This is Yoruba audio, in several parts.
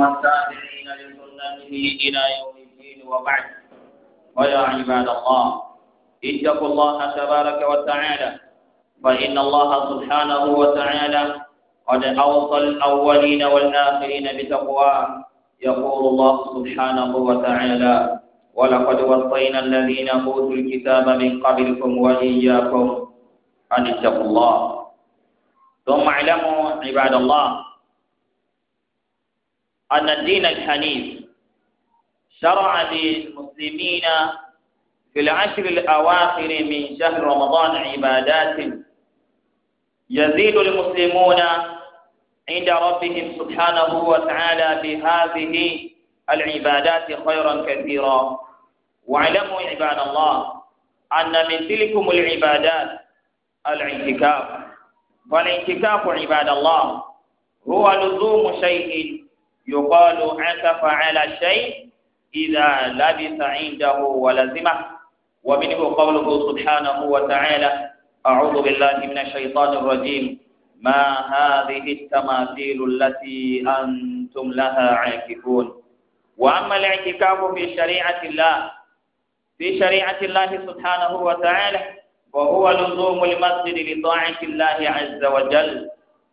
والتابعين لسنته إلى يوم الدين وبعد ويا عباد الله اتقوا الله تبارك وتعالى فإن الله سبحانه وتعالى قد أوصى الأولين والآخرين بتقواه يقول الله سبحانه وتعالى ولقد وصينا الذين أوتوا الكتاب من قبلكم وإياكم أن اتقوا الله ثم اعلموا عباد الله أن الدين الحنيف شرع للمسلمين في العشر الأواخر من شهر رمضان عبادات يزيد المسلمون عند ربهم سبحانه وتعالى بهذه العبادات خيرا كثيرا واعلموا عباد الله أن من تلكم العبادات الاعتكاف والاعتكاف عباد الله هو لزوم شيء yòkọ́lù ẹ̀ńtàfà ẹ̀láṣẹ́yìn ìdá lábìsà ìdáhù wàlàzímà ومنه قوله سبحانه وتعالى أعوذ بالله من الشيطان الرجيم ما هذه التماثيل التي أنتم لها عاكفون وأما الاعتكاف في شريعة الله في شريعة الله سبحانه وتعالى وهو لزوم المسجد لطاعة الله عز وجل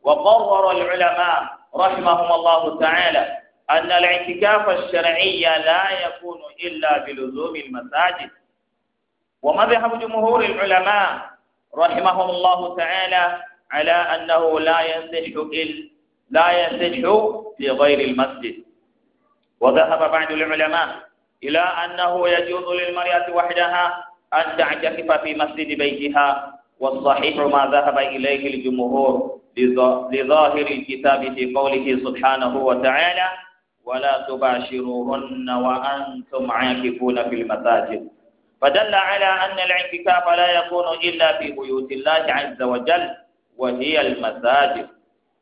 وقرر العلماء رحمهم الله تعالى أن الاعتكاف الشرعي لا يكون إلا بلزوم المساجد ومذهب جمهور العلماء رحمهم الله تعالى على أنه لا يصح لا يصح في غير المسجد وذهب بعض العلماء إلى أنه يجوز للمرأة وحدها أن تعتكف في مسجد بيتها والصحيح ما ذهب إليه الجمهور لظاهر الكتاب في قوله سبحانه وتعالى ولا تباشروهن وأنتم عاكفون في المساجد فدل على أن الاعتكاف لا يكون إلا في بيوت الله عز وجل وهي المساجد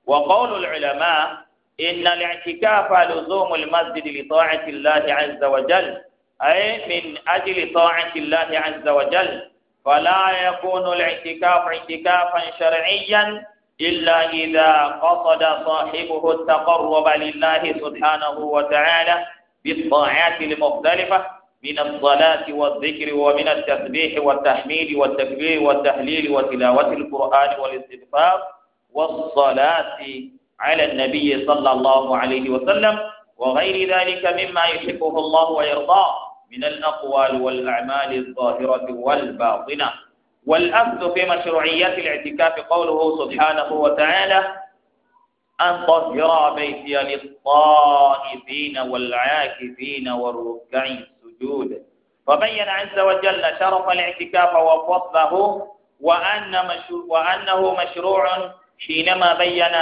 وقول العلماء إن الاعتكاف لزوم المسجد لطاعة الله عز وجل أي من أجل طاعة الله عز وجل فلا يكون الاعتكاف اعتكافا شرعيا إلا إذا قصد صاحبه التقرب لله سبحانه وتعالى بالطاعات المختلفة من الصلاة والذكر ومن التسبيح والتحميد والتكبير والتحليل وتلاوة القرآن والاستغفار والصلاة على النبي صلى الله عليه وسلم وغير ذلك مما يحبه الله ويرضاه من الأقوال والأعمال الظاهرة والباطنة والأخذ في مشروعية الاعتكاف قوله سبحانه وتعالى أن طهر بيتي للطائفين والعاكفين والركع السجود فبين عز وجل شرف الاعتكاف وفضله وأن مشروع وأنه مشروع حينما بين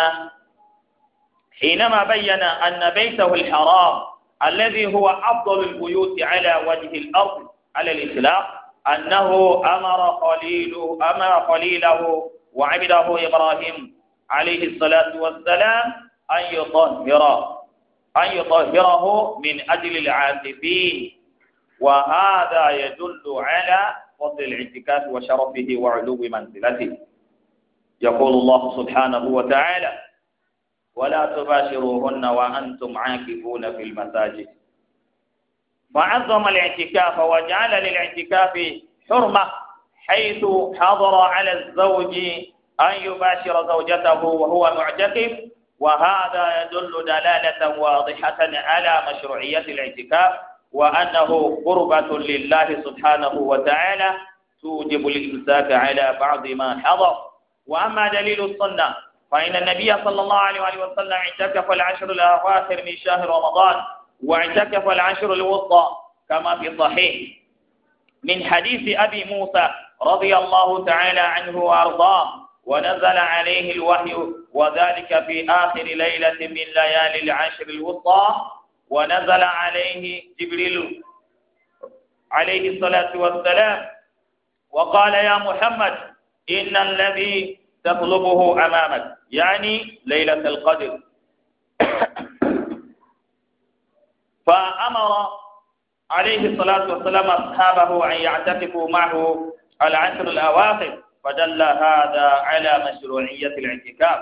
حينما بين أن بيته الحرام الذي هو أفضل البيوت على وجه الأرض على الإطلاق أنه أمر خليله أمر خليله وعبده إبراهيم عليه الصلاة والسلام أن يطهر أن يطهره من أجل العاكفين وهذا يدل على فضل الاعتكاف وشرفه وعلو منزلته يقول الله سبحانه وتعالى ولا تباشروهن وأنتم عاكفون في المساجد وعظم الاعتكاف وجعل للاعتكاف حرمة حيث حضر على الزوج أن يباشر زوجته وهو معتكف وهذا يدل دلالة واضحة على مشروعية الاعتكاف وأنه قربة لله سبحانه وتعالى توجب الإمساك على بعض ما حضر وأما دليل السنة فإن النبي صلى الله عليه وسلم اعتكف العشر الأواخر من شهر رمضان واعتكف العشر الوسطى كما في صحيح من حديث أبي موسى رضي الله تعالى عنه وأرضاه ونزل عليه الوحي وذلك في آخر ليلة من ليالي العشر الوسطى ونزل عليه جبريل عليه الصلاة والسلام وقال يا محمد إن الذي تطلبه أمامك يعني ليلة القدر فأمر عليه الصلاة والسلام أصحابه أن يعتكفوا معه العشر الأواخر فدل هذا على مشروعية الاعتكاف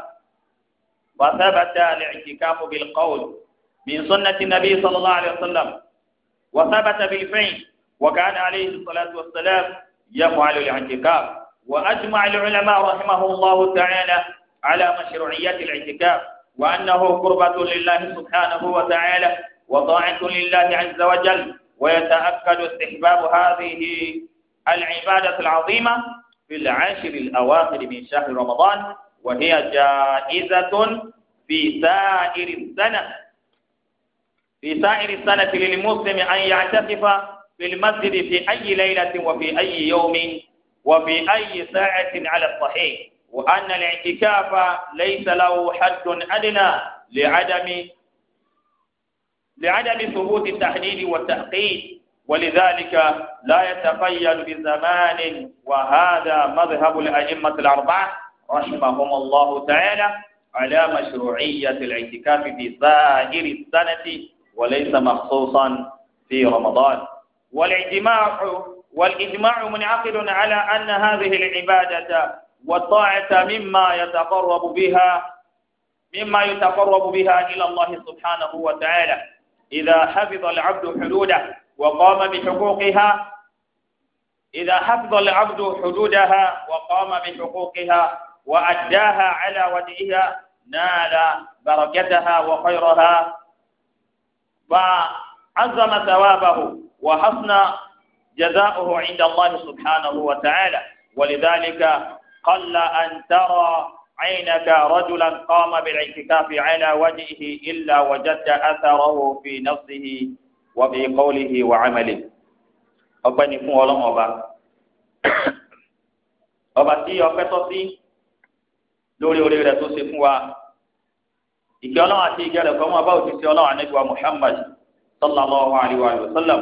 وثبت الاعتكاف بالقول من سنة النبي صلى الله عليه وسلم وثبت بالفعل وكان عليه الصلاة والسلام يفعل الاعتكاف وأجمع العلماء رحمه الله تعالى على مشروعية الاعتكاف وأنه قربة لله سبحانه وتعالى وطاعة لله عز وجل ويتأكد استحباب هذه العبادة العظيمة في العاشر الأواخر من شهر رمضان وهي جائزة في سائر السنة في سائر السنة للمسلم أن يعتكف في المسجد في أي ليلة وفي أي يوم وفي أي ساعة على الصحيح وأن الاعتكاف ليس له حد أدنى لعدم لعدم ثبوت التحديد والتحقيق ولذلك لا يتقيد بزمان وهذا مذهب الأئمة الأربعة رحمهم الله تعالى على مشروعية الاعتكاف في سائر السنة وليس مخصوصا في رمضان والإجماع والإجماع منعقد على أن هذه العبادة والطاعة مما يتقرب بها مما يتقرب بها إلى الله سبحانه وتعالى إذا حفظ العبد حدوده وقام بحقوقها إذا حفظ العبد حدودها وقام بحقوقها وأداها على وجهها نال بركتها وخيرها فعظم ثوابه وحسن جزاؤه عند الله سبحانه وتعالى ولذلك قل أن ترى عينك رجلا قام بالاعتكاف على وجهه إلا وجدت أثره في نفسه وفي قوله وعمله ọpẹ́ ni fún Ọlọ́run ọba ọba tí ọpẹ́ tọ́ sí lórí orí rẹ̀ tó ṣe fún wa ìkẹ́ Ọlọ́run àti ìkẹ́ rẹ̀ fọmọ ọba òtítí Ọlọ́run anẹgbẹwà Muhammad sallallahu alayhi wa sallam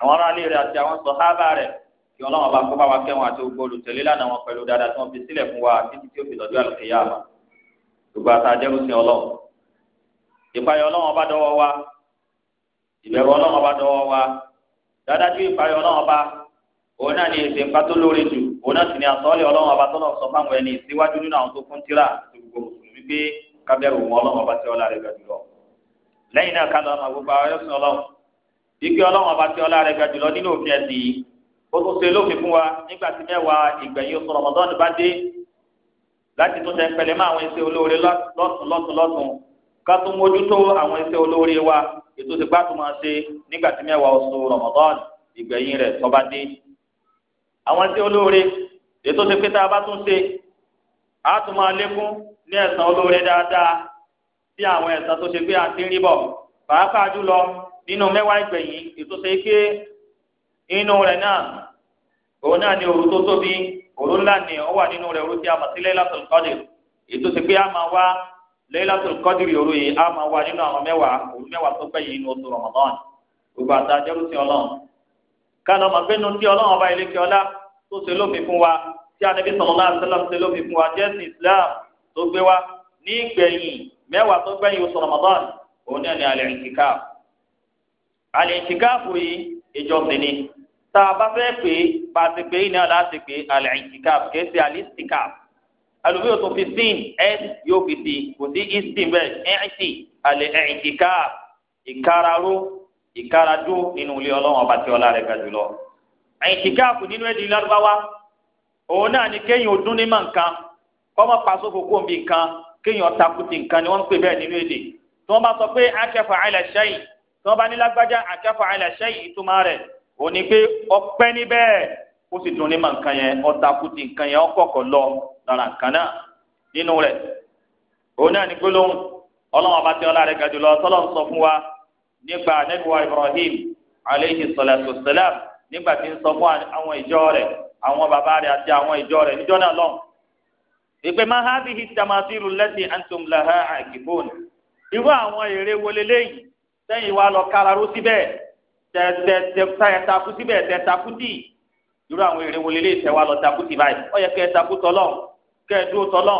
àwọn aráàlú rẹ̀ àti àwọn sọhábà rẹ̀ kí ọlọ́run bá kó bá wa kẹ́wọn àti gbogbo olùtẹ̀lé lánàá wọn pẹ̀lú dáadáa tí wọ́n fi sílẹ̀ fún wa títí tí ó fi lọ́jọ́ àlùkìyà gbogbo ọlọ́run ìpayọ̀ ọlọ́run wa ìbẹ̀rù ọlọ́run ọba tó sọ fáwọn ẹni síwájú nínú àwọn tó tíra àti gbogbo mùsùlùmí pé kábẹ́rù wọn ọlọ́run ọba tí ọlá rẹ̀ gbà jùlọ. lẹ́yìn náà ká gbogbo ọlọ́run ọba tí ọlá jùlọ nínú òfin ẹ̀sìn ó tún ṣe lófin fún wa nígbà tí mẹ́wàá ìgbẹ̀yìn oṣù rọmọdọ́n bá dé láti tún ṣe pẹ̀lẹ́ mọ́ àwọn iṣẹ́ olóore lọ́tún lọ́tún lọ́tún ká tún mójútó àwọn iṣẹ́ olóore wa ètò ìsìnkú àtúmọ̀ ṣe nígbà tí mẹ́wàá oṣù rọmọdọ́n ìgbẹ̀yìn rẹ̀ tó bá dé àwọn iṣẹ́ olóore ètò ìsìnkú tá a bá tún ṣe àtúmọ̀ lékún ní ẹ̀san olóore dáadáa sí àwọn ẹ̀san tó ṣe pé àti inú rẹ̀ náà òun ni òru tó tóbi òru ńlá ni ó wà nínú rẹ̀ òru tí a mọ̀ sí Laylatul Qadr ti pé a máa wá Laylatul Qadr òru yìí a máa wá nínú àwọn mẹ́wàá òru mẹ́wàá tó pẹ́ yìí nínú oṣù Ramadan gbogbo àtà jẹ́rùsí ọlọ́run kánà mọ̀ pé nùtí ọlọ́run ọba ilé kíọ́lá tó ṣe lófin fún wa tí anabi ṣe wa tá a bá fẹ́ pé pàṣẹ pé yìí náà láti pé al-i'tikaf kìí ṣe al-i'tikaf alùpùpù yóò tó fi sin s yóò fi si kò sí istin bẹ́ẹ̀ ẹ̀ǹtì al-i'tikaf ìkararó ìkaradó nínú ilé ọlọ́run ọba tí ọlá rẹ̀ ga jùlọ. i'tikaf nínú ẹ̀dín lárúbáwá òun náà ni kéèyàn ò dún ní mọ̀ nǹkan kọ́mọ pàṣẹ kókó mi nǹkan kéèyàn takuti nǹkan ni wọ́n pè bẹ́ẹ̀ nínú èdè tí wọ́n bá sọ pé akafa ala shay tí wọ́n bá ní lágbájá akafa ala shay ìtumá rẹ̀ ó ní pé ọpẹ́ níbẹ̀ ó sì dùn ní ma nǹkan yẹn ọ̀tàkùtì nǹkan yẹn ọkọ̀ọ̀kọ̀ lọ lára nǹkan náà nínú rẹ̀ òun náà ní gbólóhùn ọlọ́run ọba tí ọlá rẹ̀ gàdú lọ tọ́lọ́ ń sọ fún wa nípa anẹ́gbẹ̀wá Ibrahim aleyhi salatu salam nígbà tí ń sọ fún àwọn ìjọ rẹ̀ àwọn bàbá rẹ̀ àti àwọn ìjọ rẹ̀ níjọ́ náà lọ́hùn ìpè máa hábi hi tamasiru lẹ́sì antum laha àgìbòn irú àwọn èrè wọlé léyìí sẹ́yìn wa lọ káraró síbẹ̀ tẹ̀tẹ̀ takú síbẹ̀ tẹ̀ takú dì irú àwọn èrè wọlé lè tẹ̀ wá lọ takú dì báyìí ó yẹ kẹ́ ẹ takú tọ́lọ́ kẹ́ ẹ dúró tọ́lọ́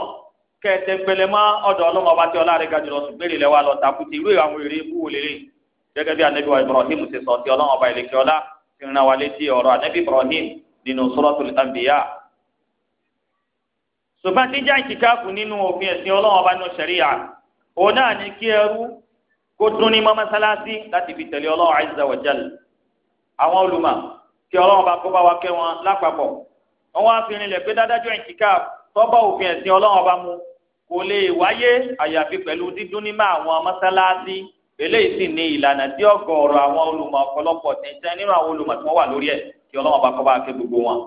kẹ́ ẹ tẹ̀gbẹ́lẹ́ mọ́ ọ̀dọ̀ ọlọ́mọ ọba tí ọlá rẹ̀ ga jùlọ sùgbẹ́rẹ́ lẹ́wà lọ takú dì irú àwọn èrè ikú wọlé lè gẹ́gẹ́ bí anabi wa Ibrahim ṣe sọ ti ọlọ́mọ ọba ìlẹ̀kẹ́ ọlá ti rìn wa létí ọ̀rọ̀ anabi Ibrahim nínú Suratul Anbiya ṣùgbọ́n tí jáǹkì káàkù nínú òfin ẹ̀sìn nínú ṣẹ̀ríyà òun náà kó dún ní mọ́mọ́sálásí láti fi tẹ̀lé ọlọ́run azza wa jal àwọn olùmọ̀ kí ọlọ́run bá kó bá wa kẹ́ wọn lápapọ̀ wọn wá fi rinlẹ̀ pé dádájọ́ ìtìká tọ́ba òfin ẹ̀sìn ọlọ́run ọba mu kò lè wáyé àyàfi pẹ̀lú dídún ní mọ́ àwọn mọ́sálásí eléyìí sì ní ìlànà tí ọ̀gọ̀ọ̀rọ̀ àwọn olùmọ̀ ọ̀pọ̀lọpọ̀ tẹ̀sán nínú àwọn olùmọ̀ tí wọ́n wà lórí ẹ̀ kí ọlọ́run bá kó kẹ́ gbogbo wọn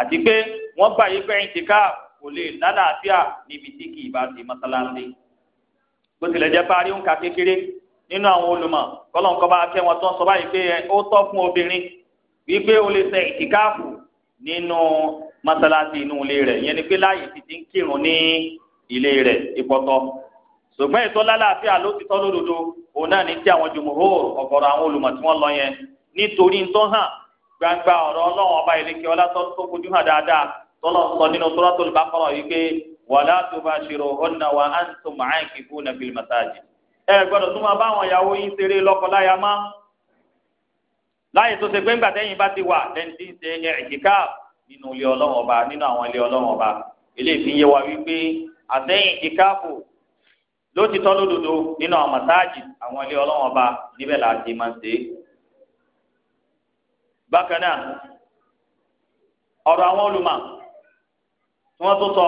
àti pé wọ́n gbà yí pé ìtìká kò lè lálàáfíà níbi tí kì í bá ti mọ́sálásí bó tilẹ̀ jẹ́ parí ń ka kékeré nínú àwọn oluma kọ́lọ́n kọ́ bá kẹ́ wọn tó ń sọ báyìí pé ó tọ́ fún obìnrin wípé ó lè ṣe ìtìkáàfù nínú mọ́sálásí inú ilé rẹ̀ yẹn ni pé láàyè ti ti ń kírun ní ilé rẹ̀ ìpọ́tọ́ ṣùgbọ́n ètò lálàáfíà ló ti tọ́ lódodo òun náà ní tí àwọn jùmùhó ọ̀gọ̀rọ̀ àwọn olùmọ̀ tí wọ́n lọ yẹn nítorí ń hàn gbangba ọ̀rọ̀ ọlọ́run ọba ọlá tó fojú hàn dáadáa sọ nínú ẹ gbọ́dọ̀ tó máa bá àwọn ìyàwó yín ṣeré lọ́kọláya má láyé tó ṣe pé ńgbà tẹ́yìn bá ti wà ẹni tí ń ṣe ẹ̀ẹ́dìkà nínú ilé ọlọ́run ọba nínú àwọn ilé ọlọ́run ọba eléyìí fi yé wa wípé àtẹ́yìn ìkáàbò ló ti tọ́ lódodo nínú àwọn mọ̀sáàjì àwọn ilé ọlọ́run ọba níbẹ̀ là á ti máa ń ṣe. bákan náà ọ̀rọ̀ àwọn olùmọ̀ tí wọ́n tó sọ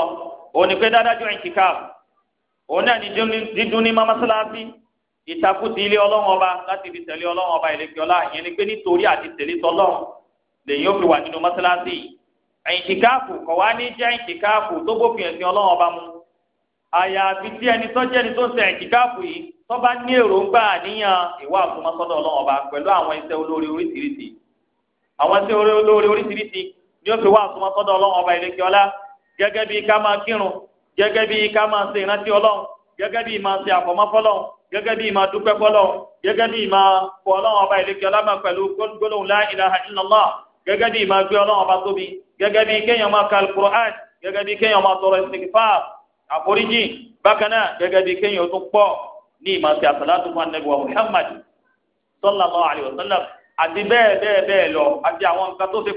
òun ni pé dáadájú ìkáàbò òun náà ní dídún ní mọ́mọ́sálásí ìtakùtì ilé ọlọ́run ọba láti fi tẹ̀lé ọlọ́run ọba ìlẹ́kẹ́ ọlá yẹn ni pé nítorí àti tẹ̀lé tọlọ́run lèyìn ó fi wà nínú mọ́sálásí àìsíkáàfù kọ̀ wá ní jẹ́ tó bófin ẹ̀sìn ọlọ́run ọba mu àyàfi tí ẹni tó jẹ́ ẹni tó ń yìí tó bá ní èròǹgbà ìwà gẹ́gẹ́ bí ká máa ṣe ìrántí ọlọ́run gẹ́gẹ́ bí máa ṣe àfọ̀mọ́ fọlọ́run gẹ́gẹ́ bí máa dúpẹ́ fọlọ́run gẹ́gẹ́ bí máa fọ ọlọ́run ọba ìlẹ́kẹ́ ọlámà pẹ̀lú gbólóhùn la ilaha illallah gẹ́gẹ́ bí máa gbé ọlọ́run ọba tóbi gẹ́gẹ́ bí kéèyàn máa ka alukur'an gẹ́gẹ́ bí kéèyàn máa tọrọ ìsìnkìfà àforíjì bákan náà gẹ́gẹ́ bí kéèyàn tún pọ̀ ní ìmọ̀ọ́sí àsàlátù fún Muhammad sallallahu alayhi wa sallam àti bẹ́ẹ̀ bẹ́ẹ̀ bẹ́ẹ̀ lọ àti àwọn nǹkan tó ṣe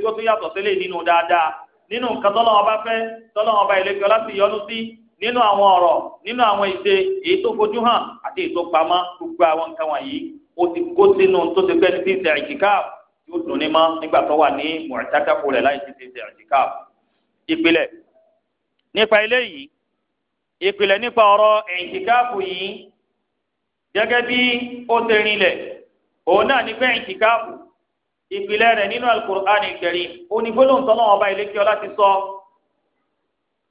nínú nǹkan tọ́lọ́wọ́n bá fẹ́ tọ́lọ́wọ́n bá ìlẹ́gbẹ́ láti yọnu sí nínú àwọn ọ̀rọ̀ nínú àwọn ìṣe èyí tó fojú hàn àti èyí tó pamọ́ gbogbo àwọn nǹkan wọ̀nyí ó ti kó sínú tó ti fẹ́ ti ṣe àìsíká yóò dùn ní mọ́ nígbà tó wà ní mọ̀ọ́tàkàkù rẹ̀ láì ti ṣe àìsíká. ìpìlẹ̀ nípa eléyìí ìpìlẹ̀ nípa ọ̀rọ̀ ìsìkáàfù yìí gẹ́gẹ́ bí ó ti rinlẹ̀ òun náà ní pé ìsìkáàfù ìpìlẹ̀ rẹ̀ nínú alukur'ani Karim onígbólóhùn tọ́lọ́wọ́n ọba ìlékí ọlá ti sọ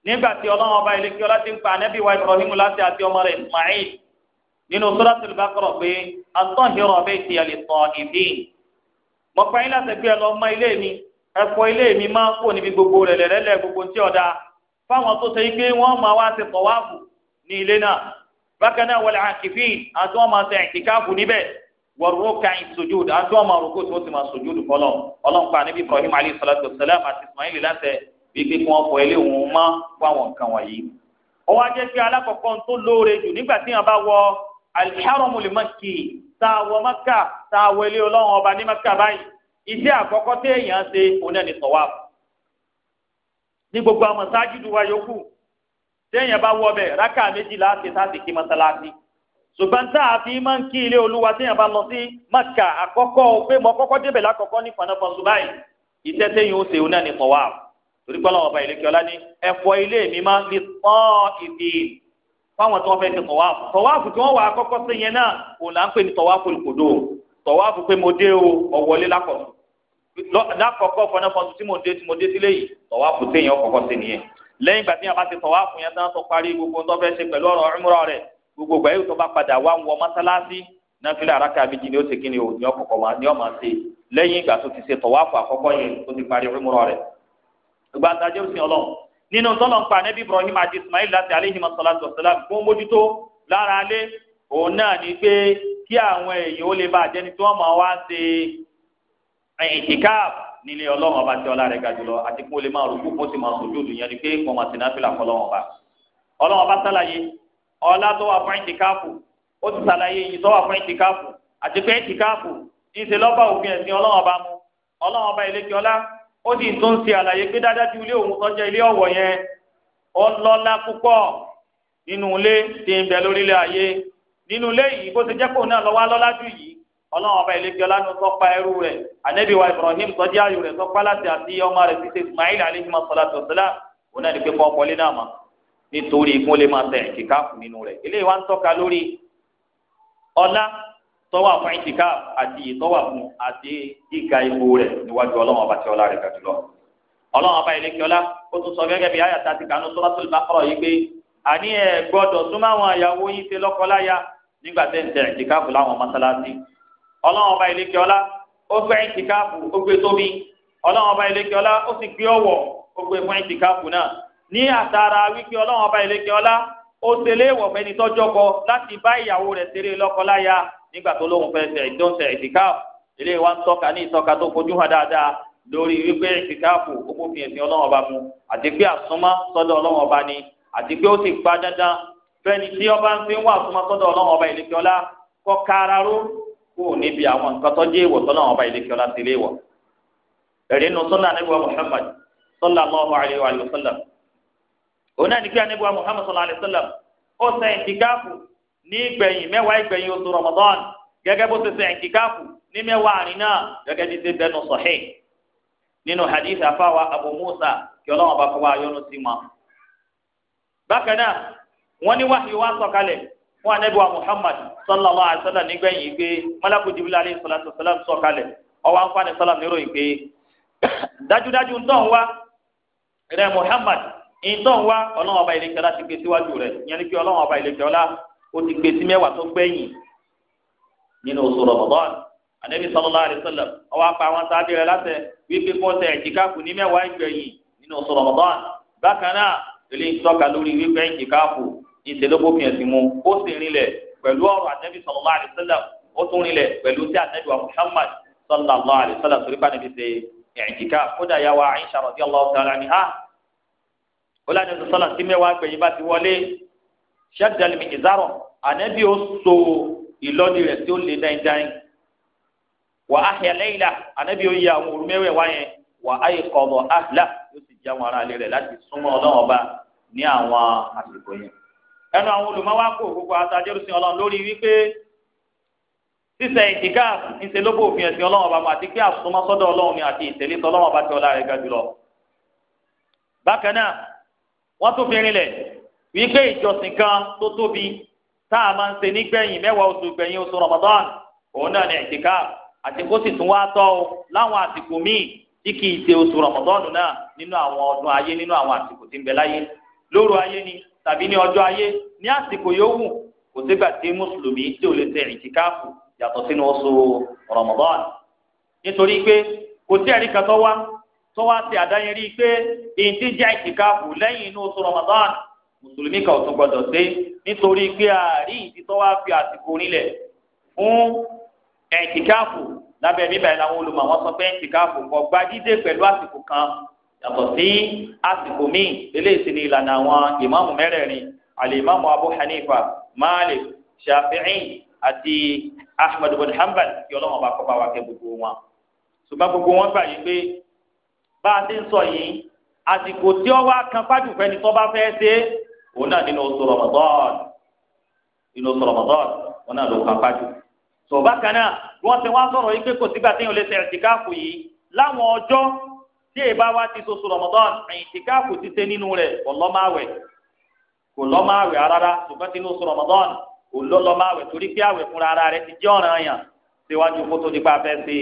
nígbà tí ọlọ́wọ́n ọba ìlékí ọlá ti ń pa anábì wa Ibrahim láti àti ọmọ rẹ̀ Ismail nínú suratul Baqara pé atahira baytiya lit-ta'ifin mọ̀pá yín láti gbé ẹ lọ mọ ilé mi ẹ̀fọ́ ilé mi máa ń kó níbi gbogbo rẹ̀ lẹ́lẹ́lẹ́ gbogbo tí ọ̀dà fáwọn tó ṣe pé wọ́n máa wá ti tọ̀wáàbù ní ilé náà bákan náà wal-akifin àti wọ́n máa ṣe ìtìkáàbù níbẹ̀ wọ̀rọ̀ ká ìsojúdù àti ọmọ àrùkò tí wọ́n ti máa sojúdù fọlọ́ ọlọ́nkpa níbi Ibrahim alayhi salatu salam àti Ismail láti wípé kí wọ́n fọ ilé òun mọ́ fún àwọn nǹkan wọ̀nyí. ọwọ́ ajé pé alákọ̀ọ́kọ́ tó lóore jù nígbà tí yàn bá wọ al-haramul makki tá a wọ Mẹ́kà tá a wọ ilé Ọlọ́run ọba ní Mẹ́kà báyìí iṣẹ́ àkọ́kọ́ téèyàn ṣe òun ẹni tawaf ní gbogbo àwọn sáájú ṣùgbọ́n tá a fi máa ń kí ilé olúwa téèyàn bá lọ sí maka àkọ́kọ́ pé mo kọ́kọ́ débẹ̀ lákọ̀ọ́kọ́ ní fọnáfọ́n ṣùgbọ́n báyìí iṣẹ́ téèyàn ó ṣe òun náà ní pọ̀ wá torí pé ọlọ́wọ́ ọba ìlẹ́kẹ́ ọlá ní ẹ̀fọ́ ilé mi máa ń lè pọ́n ìdí fáwọn tí wọ́n fẹ́ ṣe tọ̀wáàfù tọ̀wáàfù tí wọ́n wà àkọ́kọ́ sí yẹn náà òun là ń pè ní tọ̀wáàfù olùkòdó tọ̀wáàfù pé mo dé o ọ̀wọ́lé lákọ̀ọ́kọ́ fọnáfọ́n tí mo gbogbo ìgbà yóò tó bá padà wá ń wọ mọ́sálásí náfìlà àràkà méjì ni ó ṣe kíni o ní ọkọ̀ọ̀kọ̀ máa ní ọ̀mà ṣe lẹ́yìn ìgbà tó ti ṣe tọ̀wáfù àkọ́kọ́ yẹn tó ti parí rímúrọ̀ rẹ̀. ìgbà àtàjẹ́ òsìn ọlọ́run nínú tọ́lọ̀ pa nẹ́bí Ibrahim àti Ismail láti aleyhi masalatu wasalam fún mójútó lára alé òun náà ni pé kí àwọn èèyàn ó lè bá àjẹni tí wọ́n máa wá ṣe ìtìkáàbù nílé ọlọ́run ọba tí ọlá rẹ̀ ga jùlọ àti kó lè máa rògbò fún ti máa sojú ni pé kọ́mọ̀tì náà fi làkọ́ ọlọ́run ọba ọlọ́run ọba ọlá tó wà fún ìtìkáàfù ó ti sàlàyé ati tó wà fún ìtìkáàfù àti pé ìtìkáàfù ìṣe lọ́ba òfin ẹ̀sìn ọlọ́run ọba mu ọlọ́run ọba ìlẹ́kẹ́ ọlá ó sì tó ń ṣe àlàyé pé dáadáa ti ilé òun tọ́jú ilé ọ̀wọ̀ yẹn ọlọ́lá púpọ̀ nínú ilé ti ń bẹ lórílẹ̀ ayé nínú ilé yìí bó ṣe jẹ́ pé òun náà lọ́wọ́ lọ́lá jù yìí ọlọ́run ọba ìlẹ́kẹ́ ọlá ní ẹrú rẹ̀ nítorí igun lè máa tẹ ìtìkáàfù nínú rẹ̀ eléyìí wá ń tọ́ka lórí ọlá tọ́wà fún ìtìkáàfù àti ìtọ́wà fún àti ìka ipò rẹ̀ níwájú ọlọ́run ọba tí ọlá rẹ̀ gàdú lọ. ọlọ́run ọba ilé kíọ́lá ó tún sọ gẹ́gẹ́ bí àyàtà ti kànú Suratul Baqara yìí pé àní ẹ̀ gbọ́dọ̀ súnmọ́ àwọn ìyàwó yín ṣe lọ́kọláya nígbà tẹ́ ń tẹ ìtìkáàfù láwọn mọ́sálásí ọlọ́run ọba ilé kíọ́lá ó gbé ìtìkáàfù ó gbé tóbi ọlọ́run ọba ilé kíọ́lá ó sì ní àtàrà wípé ọlọ́run ọba ìlékè ọlá ó tẹ̀lé ìwọ̀fẹ́ ní tọ́jọ́kọ láti bá ìyàwó rẹ̀ ṣeré lọ́kọláya nígbà tó lóun fẹ́ ṣe ìdóńṣe ìtìkáàfù ilé wa ń tọ́ka ní ìtọ́ka tó fojú hàn dáadáa lórí wípé owó ọba mu àti pé àsúnmọ́ sọ́dọ̀ ọlọ́run ọba ni àti pé ó sì pa dandan fẹ́ni tí ọba ń fi ń wà àsúnmọ́ sọ́dọ̀ ọlọ́run ọba ìlékè òun náà ní kí anábíwá muhammad sallallahu alayhi wa sallam ó ṣe ìtìkáàfù ní ìgbẹ̀yìn mẹ́wàá ìgbẹ̀yìn oṣù ramadan gẹ́gẹ́ bó ṣe ṣe ìtìkáàfù ní mẹ́wàá àrìn náà gẹ́gẹ́ bí ṣe bẹnu sahih nínú hadith afáwa abu musa kí ọlọ́wọ́n bá fọwọ́ ayọ́nu sí wọn. bákan náà wọ́n ní wáhíì wá sọ̀kalẹ̀ fún anábíwá muhammad sallallahu alayhi wa sallam nígbẹ̀yìn pé malaku jibril alayhi salatu salam sọ̀kalẹ̀ ọwọ́ anfani salam níròyìn pé dájúdájú ń ìtọ́ ń wá ọlọ́run ọba ilé kẹlá ti gbé síwájú rẹ̀ yẹn ni pé ọlọ́run ọba ilé kẹlá ó ti gbé sí mẹ́wàá tó gbẹ̀yìn nínú oṣù Ramadan anabi sallallahu alaihi wasallam ọwọ́ apá àwọn sáájú rẹ̀ láti wípé kó tẹ ẹ̀jìkáàfù ní mẹ́wàá ìgbẹ̀yìn nínú oṣù Ramadan bákan náà ilé ìtọ́ka lórí wípé ẹ̀jìkáàfù ìṣèlógófin ẹ̀sìn mu ó sì rinlẹ̀ pẹ̀lú ọ̀rọ̀ anabi sallallahu alaihi wasallam ó tún rinlẹ̀ pẹ̀lú tí anabi ọlọ́ni ọ̀sán sọ́lá sí mẹ́wàá gbẹ̀yìn bá ti wọlé ṣẹ́dálẹ́mì ìzárọ̀ ànábì ó so ìlọ́dì rẹ̀ tí ó lé dáindáin wà á hẹ lẹ́yìn la ànábì ó yẹ àwọn òru mẹ́wẹ̀ẹ́ wáyẹ wà á yẹ kọ̀ọ̀bọ̀ áhìlá yóò sì jẹ́ àwọn aráalé rẹ̀ láti súnmọ́ ọlọ́run ọba ní àwọn àsìkò yẹn ẹnu àwọn olùmọ́wá kò gbogbo àtàjẹ́rù sí ọlọ́run lórí wípé sísẹ ìdíkà ńṣe ló bófin ẹ̀sìn ọlọ́run ọba àti pé àsomọ́sọ́dọ̀ ọlọ́run ni àti ìtẹ̀lé tọ́lọ́run ọba tí ọlá rẹ̀ ga jùlọ. bákan náà wọ́n tún fi rinlẹ̀ wípé ìjọsìn kan tó tóbi tá a máa ń ṣe nígbẹ̀yìn mẹ́wàá oṣù gbẹ̀yìn oṣù Ramadan òun náà ní ìtìká àti kó sì tún wá tọ́ o láwọn àsìkò míì tí kì í ṣe oṣù Ramadan náà nínú àwọn ọdún ayé nínú àwọn àsìkò tí ń bẹ láyé lóru ayé ni tàbí ní ọjọ́ ayé ní àsìkò yòówù kò sígbà tí mùsùlùmí tí ò lè ṣe ìtìkáàfù yàtọ̀ sínú oṣù Ramadan nítorí pé kò sí ẹ̀rí kan tó wá tó wá ṣe àdáyẹrí pé èyí tí jẹ́ ìtìkáfù lẹ́yìn inú oṣù Ramadan mùsùlùmí kan ò tún gbọdọ̀ ṣe nítorí pé àárín ìdí tó wá fi àsìkò rinlẹ̀ fún ìtìkáfù lábẹ́ bíbá ẹ̀ làwọn olùmọ̀ wọn sọ pé ìtìkáfù kò gba dídé pẹ̀lú àsìkò kan yàtọ̀ sí àsìkò míì eléyìí ni ìlànà àwọn ìmáàmù mẹ́rẹ̀ẹ̀rin àlìmáàmù Abu Hanifa Malik Shafi'i àti Ahmad bin Hanbal kí ọlọ́wọ́n bá kọ́ bá wa kẹ́ gbogbo wọn ṣùgbọ́n gbogbo wọn gbà yí pé bá a ti ń sọ yìí àsìkò tí ó wá kan pàjùfẹ́ ni tó bá fẹ́ ṣe òun náà nínú oṣù Ramadan nínú oṣù Ramadan òun náà ló kan pàjù. sọ̀bá kan náà wọ́n ti wá sọ̀rọ̀ yìí pé kò sígbà téèyàn lè ṣe ẹ̀tìkáàfù yìí láwọn ọjọ́ tí èèbá wa ti oṣù Ramadan ẹ̀tìkáàfù ti ṣe nínú rẹ̀ kò lọ́máwẹ̀ kò lọ́máwẹ̀ rárá ṣùgbọ́n tinú oṣù Ramadan kò lọ́lọ́máwẹ̀ torí pé àwẹ̀ fúnra rẹ̀ ti jẹ́ ọ̀ràn àyàn síwájú kó nípa fẹ́ ṣe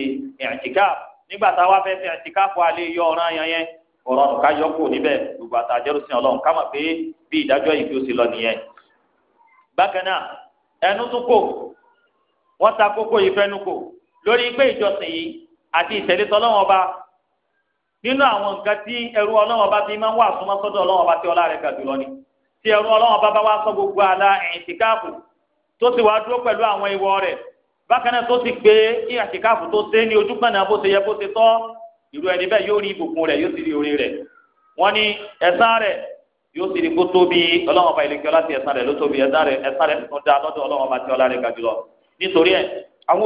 ẹ̀tìkáàfù nígbà tá a wá fẹ́ fẹ́ àti káfọ́ alẹ́ yọ ọ̀ràn yẹn yẹn ọ̀rọ̀ ọ̀nà káyọ̀ kù níbẹ̀ gbogbo àtàjẹ́rù sí ọlọ́run ká mọ̀ pé bí ìdájọ́ yìí fi ó sì lọ nìyẹn. bákan náà ẹnu tún kò wọ́n ta kókó yìí fẹ́nu kò lórí pé ìjọsìn yìí àti ìtẹ̀lé tọ́lọ́wọ́n ọba nínú àwọn nǹkan tí ẹrú ọlọ́wọ́n ọba fi máa ń wà súnmọ́ sọ́dọ̀ ọlọ́wọ́n ọba tí ọlá bákan náà tó ti gbé ìyàtìkáàfù tó ṣe ní ojú pẹ̀lú bó ṣe yẹ bó ṣe tọ́ irú ẹni bẹ́ẹ̀ yóò rí ìbùkún rẹ̀ yóò sì rí orí rẹ̀ wọ́n ní ẹ̀san rẹ̀ yóò sì rí kó tóbi ọlọ́run ọba ìlẹ̀kẹ́ láti ẹ̀san rẹ̀ ló tóbi ẹ̀san rẹ̀ ẹ̀san rẹ̀ tuntun dá lọ́dọ̀ ọlọ́run ọba tí ọlá rẹ̀ ga jùlọ nítorí ẹ̀ àwọn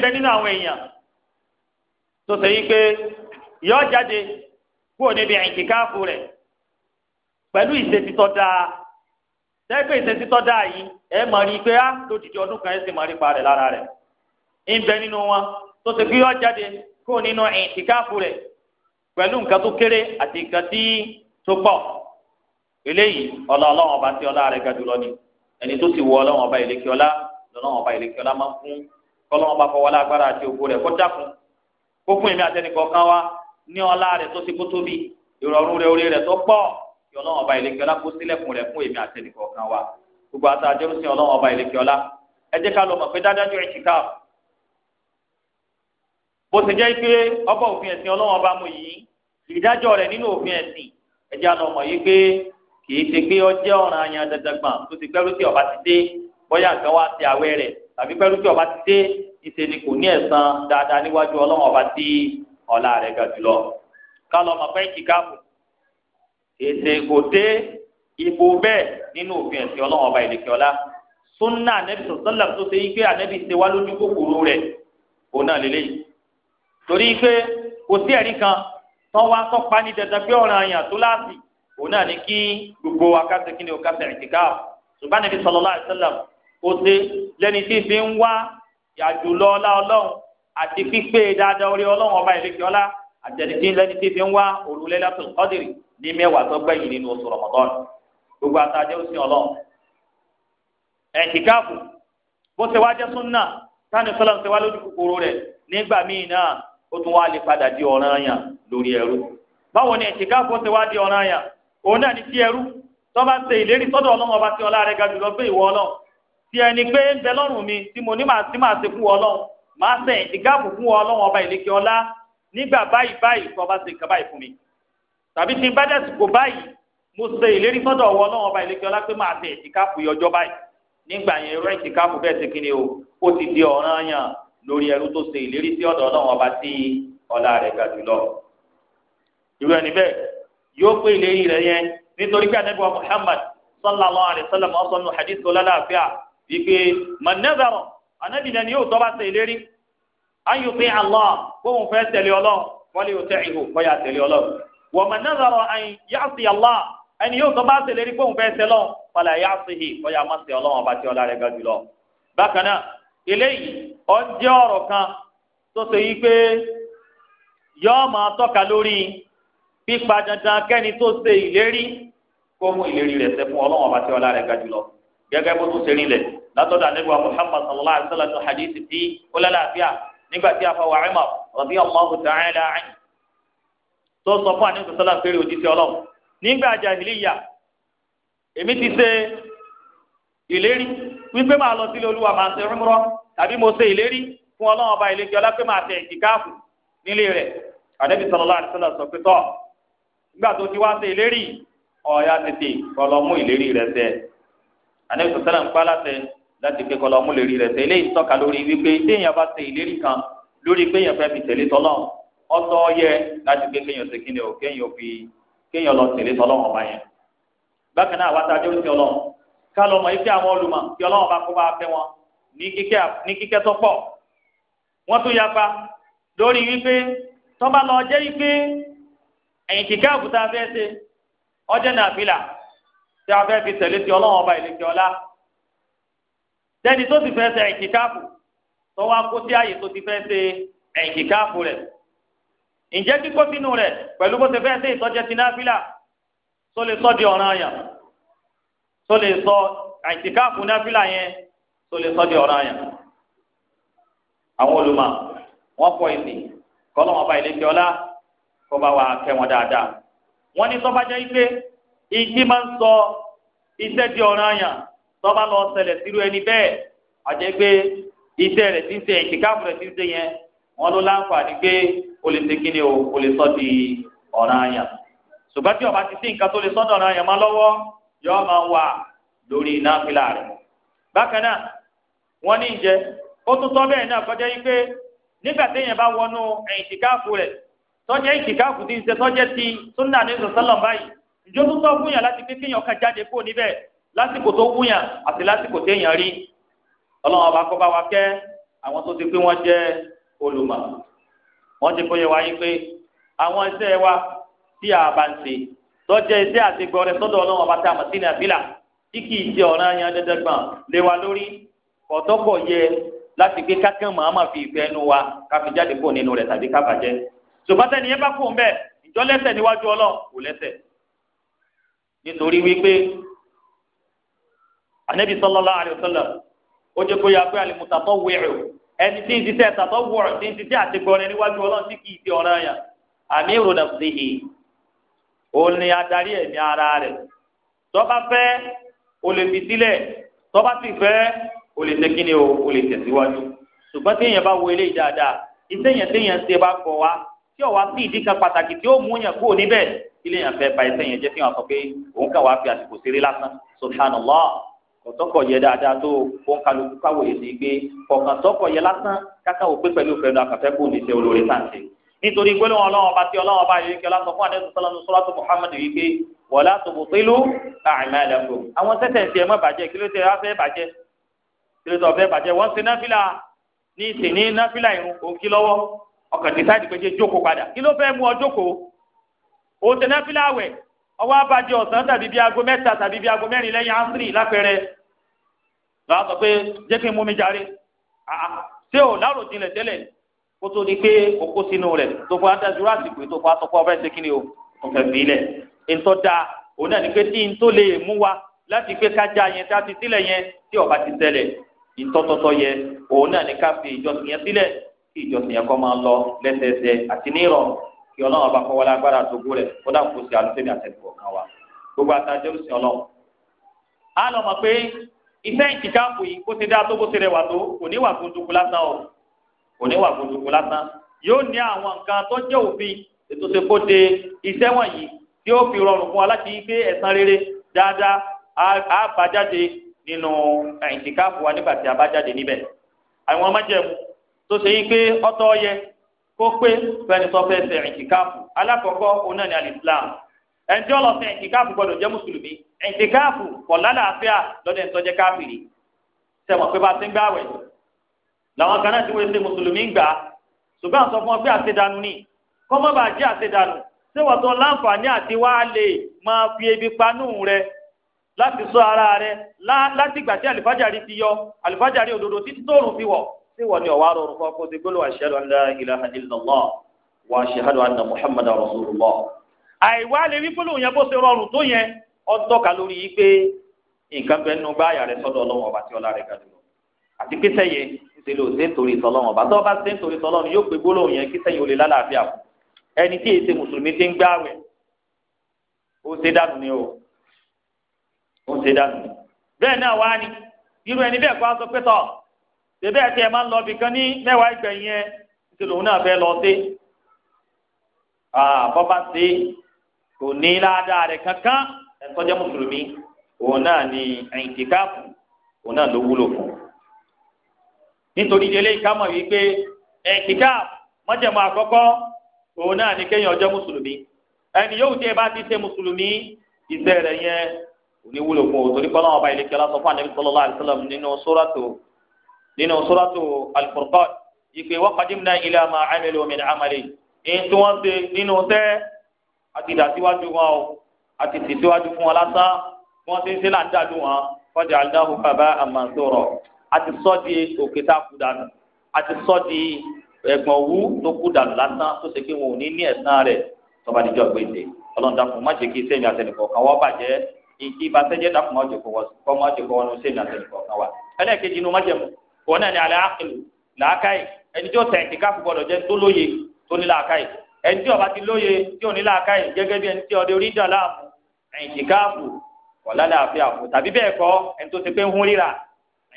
olùmọ́ni ó tó yi yí pé yọ jáde kúrò níbi ìtìkáàfù rẹ̀ pẹ̀lú ìṣètìtọ́ dáa tẹ́gbẹ́ yìí ẹ mọ̀ rí pé á ah, lódìdí ọdún kan ẹ sì mọ̀ rí pa lára rẹ̀ ń nínú wọn tó ṣe pé yọ kúrò nínú ati nka pẹ̀lú nǹkan tó kéré ọba tí ọlá ni ẹni tó wọ ọba ọba máa ń fún ọba fọwọlá agbára àti kọjá fún kó fún èmi àtẹnìkọ̀ kan wa ní ọlá rẹ̀ tó ti kó tóbi ìrọ̀rùn rẹ̀ orí rẹ̀ tó pọ̀ kí ọlọ́run ọba ìlẹ̀kẹ́ ọlá kó sílẹ̀kùn rẹ̀ fún èmi àtẹnìkọ̀ kan wa gbogbo àti àjẹrúsìn ọlọ́run ọba ìlẹ̀kẹ́ ọlá ẹ jẹ́ ká lọ mọ̀ pé dájájú ìtìká bó ti jẹ́ pé ọba òfin ẹ̀sìn ọlọ́run ọba mu yìí ìdájọ́ rẹ̀ nínú òfin ẹ̀sìn ẹ jẹ́ àlọ́ mọ̀ yìí pé kìí ṣe pé ọjẹ́ ọ̀ràn àyàn dandan gbọ̀n tó ti pẹ́rú tí ọba ti dé bóyá nǹkan wá sí àwẹ̀ rẹ̀ tàbí pẹ́rú tí ọba ti dé ìṣe ni kò ní ẹ̀san dáadáa níwájú ọlọ́run ọba tí ọlá rẹ̀ ga jùlọ kálọ̀ mọ̀ pé ìtìkáàbù ètè kò dé ibo bẹ́ẹ̀ nínú òfin ẹ̀sìn ọlọ́run ọba ìlẹ̀kẹ́ ọlá súnà ànẹ́bí sọ̀tọ́lá tó ṣe yí pé ànẹ́bí ṣe wá lójú kòkòrò rẹ̀ òun náà lélẹ́yìí torí pé kò sí ẹ̀rí kan tán wá tọ́pa ní dandan pé ọ̀ràn àyàn tó láàbì òun náà ní kí gbogbo akásẹ̀ kí ni yàjù lọ ọlá ọlọ́run àti pípé dáadáa orí ọlọ́run ọba ìlẹ́kẹ̀ ọlá àtẹnití lẹ́ni tí fi ń wá òrùlé látòlù kọ́dìrì ní mẹ́wàá tó gbẹ̀yìn nínú oṣù Ramadan gbogbo àtàjẹ́ òsì ọlọ́run. ẹ̀ǹtìkáàfù bó ṣe wá jẹ́ súnà táni sọ́lá ń ṣe wá lójú kòkòrò rẹ̀ nígbà míì náà ó tún wá lè padà di ọ̀ràn yàn lórí ẹrú. báwo ni ẹ̀ǹtìkáàfù ṣe wá di ọ̀ràn yàn òun náà ni tí ẹrú tó ti ẹni pé ń bẹ lọ́rùn mi tí mo ní màá tí màá ṣe fún wọn lọ́hùn màá ṣe ìdígàbò fún wọn lọ́hùn ọba ìlékè ọlá nígbà báyìí báyìí tó ọba ṣe nǹkan báyìí fún mi tàbí tí n bá dẹ̀sùn kò báyìí mo ṣe ìlérí sọ́dọ̀ wọn lọ́hùn ọba ìlékè ọlá pé màá ṣe ìdígàbò yọjọ́ báyìí nígbà yẹn irú ìdígàbò bẹ́ẹ̀ ṣe kí ni o ó ti di ọ̀ràn yàn lórí ẹrú tó ṣe ìlérí sí ọ̀dọ̀ ọlọ́run ọba tí ọlá rẹ̀ ga jùlọ irú ẹni bẹ́ẹ̀ yóò pé ìlérí rẹ̀ yẹn nítorí pé anábíwá Muhammad sallallahu alayhi wa sallam ọ̀sán nù hadith tó lálàáfíà wípé mọ̀nẹ́sàrọ̀ ànábì lẹ́ni yóò tọ́ba ṣe ìlérí ayò pé Allah kóun fẹ́ tẹ̀lé ọlọ́run wọlé yóò tẹ̀ ìhò kọ́yà tẹ̀lé ọlọ́run wọ́n mọ̀nẹ́sàrọ̀ àyìn yáàsì Allah ẹni yóò tọ́ba ṣe ìlérí kóun fẹ́ tẹ̀ lọ́n fọlá yáàsì hì kọ́yà má ṣe ọlọ́run ọba tí ọlá rẹ̀ ga jùlọ. bákan náà eléyìí ó ọ̀rọ̀ kan tó ṣe yí pé yọ́ọ́ máa tọ́ka lórí pípa dandan kẹ́ni tó ṣe ìlérí kó mú ìlérí rẹ̀ ṣẹ ọlọ́run ọba tí ọlá rẹ̀ ga jùlọ. gẹ́gẹ́ bó tún sẹ́rin lẹ̀ látọ̀dọ̀ ànábì wa muhammad sallallahu alayhi wa sallam ní hadithi tí ó nígbà tí a fa wa Umar radiyallahu ta'ala anhu tó sọ fún àníkù sọlá ọlọ́run nígbà jahiliya èmi ti ṣe ìlérí wípé máa lọ sílé olúwa máa ṣe umrah tàbí mo ṣe ìlérí fún ọlọ́run ọba ìlẹ́jọ lápẹ́ máa nílé rẹ̀ sọ pé tọ́ nígbà tó ti wá ṣe ìlérí ọ̀ya tètè kọ́ lọ mú ìlérí rẹ̀ anabi sọsẹlẹ ń pa láṣẹ láti pé kọlọ ọmú lérí rẹ̀ tẹ́lẹ̀ ìtọ́ka lórí wípé téèyàn bá ṣe ìlérí kan lórí péèyàn fẹ́ fi tẹ̀lé tọlọ ọ̀tọ̀ yẹ láti pé kéèyàn ṣe kíni o kéèyàn fi kéèyàn lọ tẹ̀lé tọlọ ọba yẹn bákan náà wàtá dé oṣù Ọlọ́run ká lọ mọ ike àwọn olùmọ̀ kí Ọlọ́run bá kó bá fẹ́ wọn ní kíkẹ tó pọ̀ wọn tún yapa lórí wípé tọ́ba lọ jẹ́ wípé ẹ̀yìn kíkẹ́ àbúta fẹ́ ṣe ọjọ́ nàfìlà tí a fẹ́ fi tẹ̀lé ti ọlọ́run ọba ìlẹ̀kẹ́ ọlá tẹ́ni tó ti fẹ́ ṣe ẹ̀ǹkìkáàfù tó wá kó sí ààyè tó ti fẹ́ ṣe ẹ̀ǹkìkáàfù rẹ̀ ǹjẹ́ kíkó sínú rẹ̀ pẹ̀lú bó ṣe fẹ́ ṣe ìtọ́jẹ́ ti náfìlà tó lè sọ di ọ̀ràn àyàn tó lè sọ ẹ̀ǹkìkáàfù náfìlà yẹn tó lè sọ di ọ̀ràn àyàn àwọn olùmọ̀ wọ́n pọ̀ ìsì kọ́lọ́mọba ìlẹ̀kẹ́ ọlá kó bá wa kẹ́ wọn dáadáa wọ́n ní sọ́bàjẹ́ ìgbé iji máa ń sọ iṣẹ́ di ọ̀ranyàn tó bá lọ ṣẹlẹ̀ sírú ẹni bẹ́ẹ̀ àjẹ́ pé iṣẹ́ rẹ̀ ti ń ṣe ìtìkáàfù rẹ̀ ti ń ṣe yẹn wọ́n o lè ṣe o o lè di ọ̀ranyàn ṣùgbọ́n tí ọba ti sí nǹkan tó lè sọ́dọ̀ ọ̀ranyàn máa lọ́wọ́ yọ máa wà lórí náfìlà rẹ̀ bákan náà wọ́n ní ìjẹ́ ó tún tọ́ bẹ́ẹ̀ náà kọjá yìí pé nígbà téèyàn bá wọnú rẹ̀ tọ́jẹ́ ti ń ṣe tọ́jẹ́ ti ní ìjọ tó tọ́ fún yàn láti pé kéèyàn kan jáde kó níbẹ̀ lásìkò tó wú yàn àti lásìkò téèyàn rí ọlọ́run ọba kọ́ bá wa kẹ́ àwọn tó ti pé wọ́n jẹ́ olùmọ̀ wọ́n ti kóye wáyé pé àwọn iṣẹ́ wa tí a bá ń ṣe tọ́jẹ́ iṣẹ́ àti gbọ́rẹ́ sọ́dọ̀ ọlọ́run ọba tá a mọ̀ sí ní àbílà tí kì í ṣe ọ̀ràn yẹn dandan lé wa lórí kọ̀tọ́kọ̀ yẹ láti gbé kákẹ́ màmá fi ìfẹ́ nu wa ká fi jáde kó nínú rẹ̀ tàbí ká bàjẹ́ ṣùgbọ́n tẹ́ni yẹn bá kó ń bẹ̀ ìjọ lẹ́sẹ̀ níwájú ọlọ́run kò lẹ́sẹ̀ nítorí wípé anabi sallallahu alayhi wa sallam ó jẹ́ kó yà pé alimutatọ wẹrẹ o ẹni tí n ti tẹ tatọ wọrọ tí n ti tẹ àtẹgbọrẹ níwájú Ọlọ́run tí kì í ti ọ̀ràn yàn amiru nafsihi òun ni adarí ẹ̀mí ara rẹ̀ tó bá fẹ́ o lè fi sílẹ̀ tó sì fẹ́ o lè tẹkíni o lè tẹsíwájú ṣùgbọ́n téèyàn bá wọlé dáadáa iṣẹ́ yẹn téèyàn ṣe bá kọ wa tí ó wá sí ìdí kan pàtàkì tí ó mú yàn kúrò níbẹ̀ ilé yàn fẹ́ ba ẹsẹ̀ yẹn jẹ́ tí wọ́n sọ pé òun kà wá fi àsìkò ṣeré lásán subhanallah kọ̀tọ́kọ̀ yẹ dáadáa tó òun kálukú káwòye sí gbé kọ̀kan tọ́kọ̀ yẹ lásán káká ò pé pẹ̀lú ìfẹ́ àkàfẹ́ kù ní ṣe olórí sáǹsì nítorí gbólóhùn ọlọ́wọ́n bá ti ọlọ́wọ́n Muhammad yìí pé wọlá tó bò pélú àìmọ́ ẹlẹ́kùn àwọn sẹ́sẹ̀ ń ṣe ẹ̀mọ́ bàjẹ́ kí ló tẹ wá fẹ́ bàjẹ́ kí ló tẹ wá ọkàn dísáìdì pé ṣe jókòó padà kí ló fẹ́ mú ọ jókòó o tẹ̀ náà fílà wẹ̀ ọwọ́ abajẹ ọ̀sán tàbí bíi aago mẹ́ta tàbí bíi aago mẹ́rin lẹ́yìn ánsírì lápẹ̀rẹ̀ lọ́wọ́ sọ pé jẹ́ kí n mú mi jàre ṣé o lárò jinlẹ̀ tẹ́lẹ̀ kó tó di pé o kó sínú rẹ̀ tó fọ́ adájúrò àsìkò tó fọ́ atọ́kọ́ ọ̀fẹ́ ṣe kí ni o tó fẹ́ fi ilẹ̀ ntọ́ da òun náà ni pé tí n tó lè mú wa láti pé kájà yẹn tá a ti sílẹ̀ yẹn tí ọba ti tẹ̀lẹ̀ ntọ́tọ́tọ́ yẹ òun náà ni ká fi ìjọsìn yẹn sílẹ̀ kí ìjọsìn yẹn kọ́ máa lọ lẹ́sẹẹsẹ àti ní ìrọ̀rùn kí ọlọ́run ọba kọ́ wọlé agbára àtògbó rẹ̀ kó dà kó sí àlùfẹ́mi àtẹ̀kọ̀ kan wa gbogbo àtàjẹ́ òsì ọlọ́run. a lọ mọ̀ pé iṣẹ́ ìtìkáàpù yìí kó ti dá tó bó ti rẹwà tó kò ní wà gbódùkú lásán o kò ní wà gbódùkú lásán yóò ní àwọn nǹkan tó jẹ́ òfin ètò ìṣèkóde iṣẹ́ wọ̀nyí tí ó fi rọrùn fún wa láti gbé rere dáadáa á bá jáde nínú ìtìkáàpù wa nígbà tí a bá jáde níbẹ̀ àwọn májẹ̀mú tó ṣe yí pé ọ̀tọ̀ yẹ kó pé fẹni tó fẹ́ ṣe ẹ̀ǹtìkáàfù alákọ̀ọ́kọ́ òun náà ní alìsílám ẹ̀ǹtí ọlọ́sẹ̀ ẹ̀ǹtìkáàfù gbọ́dọ̀ jẹ́ mùsùlùmí ẹ̀ǹtìkáàfù kọ̀ lálàáfíà lọ́dẹ̀ ń tọ́jẹ́ káfìrí sẹ̀wọ̀n pé bá ti ń gbàwẹ̀ làwọn kan náà ti wọ́n ṣe mùsùlùmí gbà ṣùgbọ́n àṣọ fún ọ pé àṣedànù ni kọ́mọ́ bá jẹ́ àṣedànù sẹ́wọ̀n tó láǹfààní àti wá lè máa fi ebi panú rẹ láti sọ ara rẹ láti ìgbà tí àlùfájàrí ti yọ àlùfájàrí òdodo títí tóòrùn fi wọ̀ tí wọ́n ní ọ̀wá rọrùn kọ́ kó ti gbólóhùn ashhadu an la ilaha illallah wa ashhadu anna muhammadan rasulullah. àìwá lè rí gbólóhùn yẹn bó ṣe rọrùn tó yẹn ó tọ́ka lórí yìí pé nǹkan bẹ́ẹ̀ nínú gbáàyà rẹ sọ́dọ̀ ọlọ́run ọba tí ọlá rẹ̀ ga jùlọ. àti kíṣẹ́ yẹn ṣe lò ṣe ń torí sọlọ́run ọba tó bá ṣe ń torí yóò pé gbólóhùn yẹn kíṣẹ́ yẹn ó lè lálàáfíà fún ẹni tí èsè mùsùlùmí ti ń gbáwẹ̀ ó bẹ́ẹ̀ náà wá ní irú ẹni bẹ́ẹ̀ kó a sọ bẹ́ẹ̀ àti ẹ̀ máa ń lọ bìkan ní mẹ́wàá ìgbẹ̀yìn yẹn tí lòun náà fẹ́ lọ sí. bọ́bá sí kò ní ládàá rẹ̀ kankan ẹ̀ńtọ́jẹ́ mùsùlùmí òun náà ni ẹ̀ǹtìkáàfù òun náà ló wúlò fún. nítorí délé ìkámọ̀ wípé ẹ̀ǹtìkáàfù mọ́jẹ̀mọ́ àkọ́kọ́ òun náà ni kéèyàn ọjọ́ mùsùlùmí ẹni yóò tẹ́ ẹ bá ti ṣe mùsùlùmí iṣẹ́ rẹ̀ yẹn òun ní wúlò fún òun torí kọ́ nínú sọ́ràtò al-Furqan ìpè wa qadimna ila ma amilu min amali èyí tí wọ́n ṣe nínú tẹ́ àti ìdásíwájú wọn o àti ìtìsíwájú fún wọn lásán wọ́n ti ń ṣe láńdàdú wọn kọjá aldahu bàbá àmànsorọ àti sọ́ọ̀dì òkè tá dànù àti sọ́ọ̀dì ẹ̀gbọ̀n wú tó kú dànù lásán tó ṣe pé wọn ò ní ní ẹ̀san rẹ̀ tọ́ba níjọ́ gbèsè ọlọ́dà má jẹ́ kí sẹ́mi àtẹnìkọ̀ kan wọ́n bàjẹ́ ìdí ìbàsẹ́jẹ́ dàpọ̀ má jẹ́ kó wọn ṣẹ́mi àtẹnìkọ̀ kan wà ẹlẹ́ẹ̀kejì inú má jẹ́ mu wọn náà ní alẹ́ àkìlù làákàyè ẹni tí ó tẹ̀ ẹ̀ǹtìká fún gbọdọ̀ jẹ́ tó lóye tó ní làákàyè ẹni tí ó bá ti lóye tí ò ní làákàyè gẹ́gẹ́ bí ẹni tí ọdẹ orí dàn láàmú ẹ̀ǹtìká fún wọ̀lá làáfíà fún tàbí bẹ́ẹ̀ kọ́ ẹni tó ti pé ń hún ríra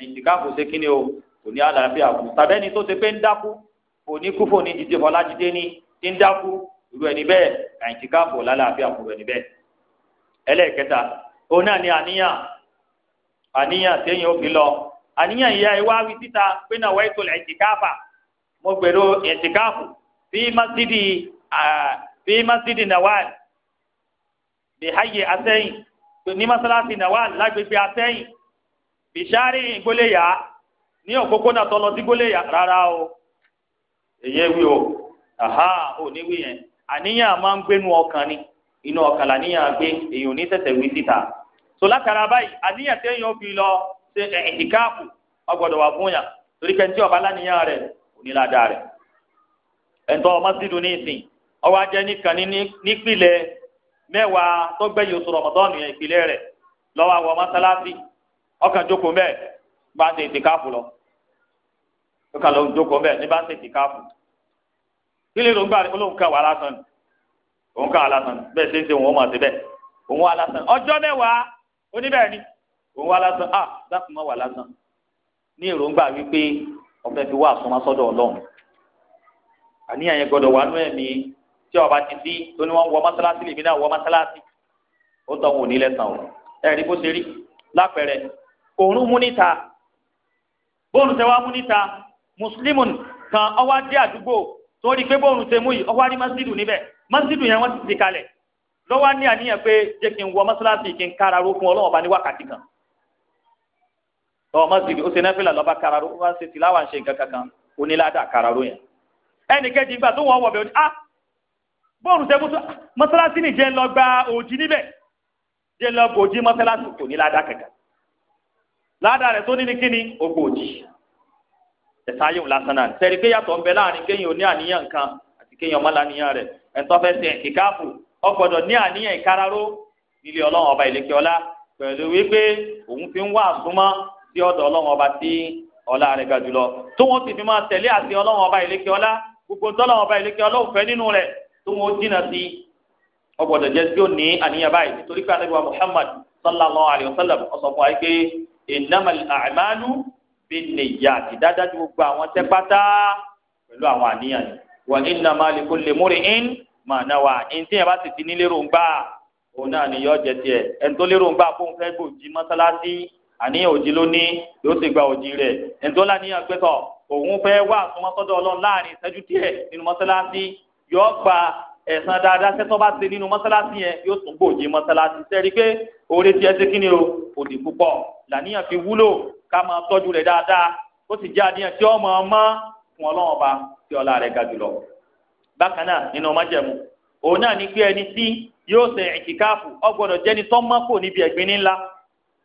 ẹ̀ǹtìká fún ṣe kíni o kò ní àlàáfíà fún tàbí ẹni tó ti pé ń dákú kò ní kú fòní dìde fọlá jíde ní ti ń dákú irú ẹni bẹ́ẹ̀ ẹni bẹ́ẹ̀ ẹlẹ́ẹ̀kẹta òun náà ni àníyàn àníyàn téèyàn ó àníyàn ìyá ẹ wá wí síta pé náà wáyé tó lẹ̀ ẹ̀tìkáfà mo gbèrò ẹ̀tìkáfù fi masidi fi masidi nawal bihayi asẹ́yìn ni masalasi nawal lágbègbè asẹ́yìn bishari ìgbóléyà ní òpópónà tọ́lọ sí gbóléyà rárá o èyẹ wí o aha ò ní wí yẹn àníyàn máa ń gbénu ọkàn ni inú ọkàn làníyàn gbé èyàn ò ní tẹ̀sẹ̀ wí síta so látara báyìí àníyàn téèyàn fi lọ ṣe ẹ̀ẹ́dìkáàpù ọgbọ́dọ̀ wà fún yàn torí kẹ́ntì ọba lánìyàn rẹ̀ onílàdá rẹ̀ ẹ̀ńtọ́ mọ́sídùú ní ìsìn ọwọ́ ajẹ́ nìkan nípìnlẹ̀ mẹ́wàá tó gbẹ̀yìn oṣù rọ̀mọ́tọ́ọ̀nù yẹn ìpìlẹ̀ rẹ̀ lọ́wọ́ àwọn mọ́sálásí ọkàn jókòó mẹ́ẹ̀ bá ń ṣe ìtìkáàpù lọ ọkàn lọ jókòó mẹ́ẹ̀ ní bá ń ṣe ìtìkáàpù kí lè lóun gbà olóhùn kan wà lásán òun kan wà lásán bẹ́ẹ̀ ṣe ń ṣe òun ó mọ̀ síbẹ̀ òun wà lásán ọjọ́ mẹ́wàá oníbẹ̀ẹ́ni òun wá lásán à ah, dákun má wà lásán ní èròǹgbà wípé ọ̀fẹ́ fi wá àsomá sọ́dọ̀ ọlọ́run àníyàn yẹn gbọdọ̀ wà nú ẹ̀mí tí ọba ti sí tó ní wọ́n wọ mọ́sálásí lèmi náà wọ mọ́sálásí ó tọ́ wọn ò ní lẹ́sàn o ẹ̀rí bó ṣe rí lápẹ̀rẹ̀ òórùn mú níta bóòlù tẹ wá mú níta mùsùlùmùn kan ọwá dé àdúgbò tó rí pé bóòlù tẹ mú yìí ọwá rí mọ́sídù níbẹ̀ mọ́sídù yẹn wọ́n ti ti kalẹ̀ lọ́wọ́ ní àníyàn pé jẹ́ kí n wọ mọ́sálásí kí n kára ro fún ọlọ́wọ́n bá ní wákàtí kan lọ́wọ́ mọ́sídìí ó ṣe nẹ́fìlà lọ́ba kararó ó wá ṣe tìláwà ń ṣe nǹkan kankan onílàdà kararó yẹn ẹnìkejì ìgbà tó wọ́n wọ̀ bẹ́ẹ̀ ah bọ́ọ̀lù tẹ́ fún mọ́sálásí ni jẹ́ ń lọ gba òjì níbẹ̀ jẹ́ ń lọ gba òjì mọ́sálásí kò ní ládàá kankan ládàá rẹ̀ tó ní ní kíni ògbò òjì ẹ̀sà ayéhùn lásán náà sẹ́ni pé yàtọ̀ ń bẹ láàrin kéèyàn ò ní àníyàn nǹkan àti kéèyàn ọmọ láníyàn rẹ̀ ẹ̀ńtọ́ fẹ́ sẹ́ kíkáàfù ó gbọ́dọ̀ ní àníyàn ìkararó nílé ọlọ́run ọba ìlẹ́kẹ́ ọlá pẹ̀lú wípé òun fi ń wá sí ọ̀dọ̀ ọlọ́run ọba tí ọlá rẹ̀ ga jùlọ tó wọn sì fi máa tẹ̀lé àti ọlọ́run ọba ìlékè ọlá gbogbo tọ́lọ́run ọba ìlékè ọlá òfẹ́ nínú rẹ̀ tó wọn jìnnà sí ọgbọ̀dọ̀ jẹ́ tí ó ní àníyàn báyìí nítorí pé ànábì wa Muhammad sallallahu alayhi wa sallam ọ̀sọ̀ fún wa pé innamal a'malu binniyati dáadáa ju gbogbo àwọn tẹ́ pátá pẹ̀lú àwọn àníyàn wa innama likulli mri'in ma nawa ẹni tí yẹn bá sì ti ní lérò ń gbà òun náà ni yọ jẹ tiẹ̀ ẹni tó lérò ń gbà fóun fẹ́ gbòjì mọ́sálásí àníyàn òjì ló ní yóò sì gba òjì rẹ̀ ẹni tó láníyàn pẹ́tọ̀ òun fẹ́ wá àsomọ́sọ́dọ̀ ọlọ́run láàrin ìṣẹ́jú díẹ̀ nínú mọ́sálásí yóò gba ẹ̀san dáadáa sẹ́tọ́ bá ṣe nínú mọ́sálásí yẹn yóò tún gbòòjì mọ́sálásí sẹ́rí pé oore tiẹ̀ ṣe kíni o òdì púpọ̀ làníyàn fi wúlò ká máa tọ́jú rẹ̀ dáadáa ó sì jẹ́ àníyàn tí ọmọ ọmọ fún ọlọ́run ọba tí ọlá rẹ̀ ga jùlọ. bákan náà nínú májẹ̀mú òun náà ní pé ẹni tí yóò ṣe ìtìkáàfù ó jẹ́ni tó mọ́ níbi ẹ̀gbin ńlá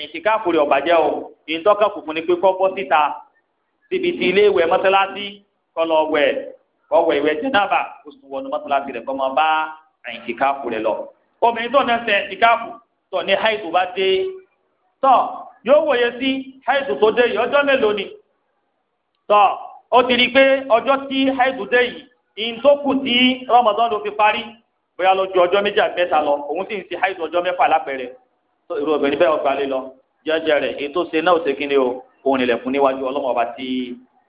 ìtìkáàfù rẹ̀ ọ̀bàjẹ́ o ìtọ́ka funfun ni pé kọ́ bọ́ síta síbi tí ilé ìwẹ̀ mọ́sálásí kọ́ lọ wẹ̀ kọ́ wẹ̀ ìwẹ̀ jẹ́nàbà kó sùn wọnú mọ́sálásí rẹ̀ kọ́ máa bá ìtìkáàfù rẹ̀ lọ. obìnrin tó ní ẹsẹ̀ ìtìkáàfù tó ní haidu bá dé tó yóò wòye sí haidu tó dé yìí ọjọ́ mélòó ni tó ó ti rí i pé ọjọ́ tí haidu dé yìí ìntòkù tí Ramadan ló fi parí bóyá ló ju ọjọ́ méjì àti lọ òun sì ń ṣe haidu ọjọ́ mẹ́fà lápẹ̀rẹ̀ irú obìnrin bẹ́ẹ̀ ọgbà lé lọ jẹ́jẹ́ rẹ̀ ètò ṣe náà ṣe kíni o òun ìlẹ̀kùn níwájú ọlọ́wọ́n ọba tí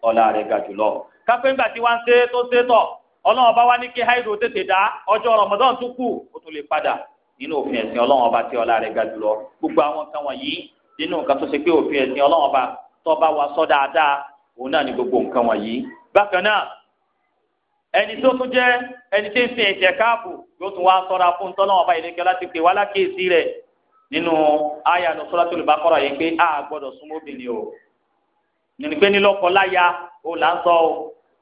ọlá rẹ̀ ga jùlọ. kápẹ́ńgbà tí wọ́n ń ṣe tó ṣe tọ̀ ọlọ́wọ́n ọba wá ní kí haidu tètè dá ọjọ́ rọmọdán tún kù ó tún lè padà nínú òfin ẹ̀sìn ọlọ́wọ́n ọba tí ọlá rẹ̀ ga jùlọ gbogbo àwọn kan wọ̀nyí nínú nǹkan tó ṣe pé òfin ẹ̀sìn ọlọ́wọ́n ọba tó bá wa sọ dáadáa òun náà ní nínú àyà ní Suratul Baqara yìí pé a gbọ́dọ̀ súnmọ́ obìnrin o nínú pé nílọ́kọ láya o là ń sọ o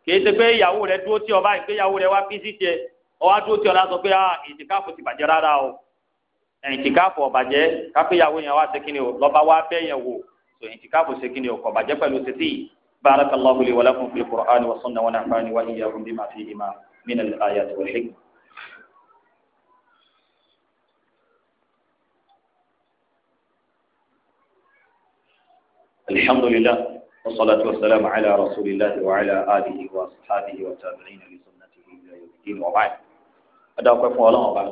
kì í ṣe pé ìyàwó rẹ dúró tí ọba yìí pé ìyàwó rẹ wá fi sí tiẹ̀ ọwá dúró tí ọlá sọ pé a ah, ìtìkáfù ti rárá o ìtìkáfù yẹn wá o wá yẹn wò so ìtìkáfù ṣe o kọ̀bàjẹ́ pẹ̀lú títí barakallahu li wa na fil Qur'ani wa sunnah wa nafa'ani wa الحمد لله والصلاة والسلام على رسول الله وعلى آله وأصحابه والتابعين لسنته إلى يوم الدين وبعد أدعوك فو الله وبعد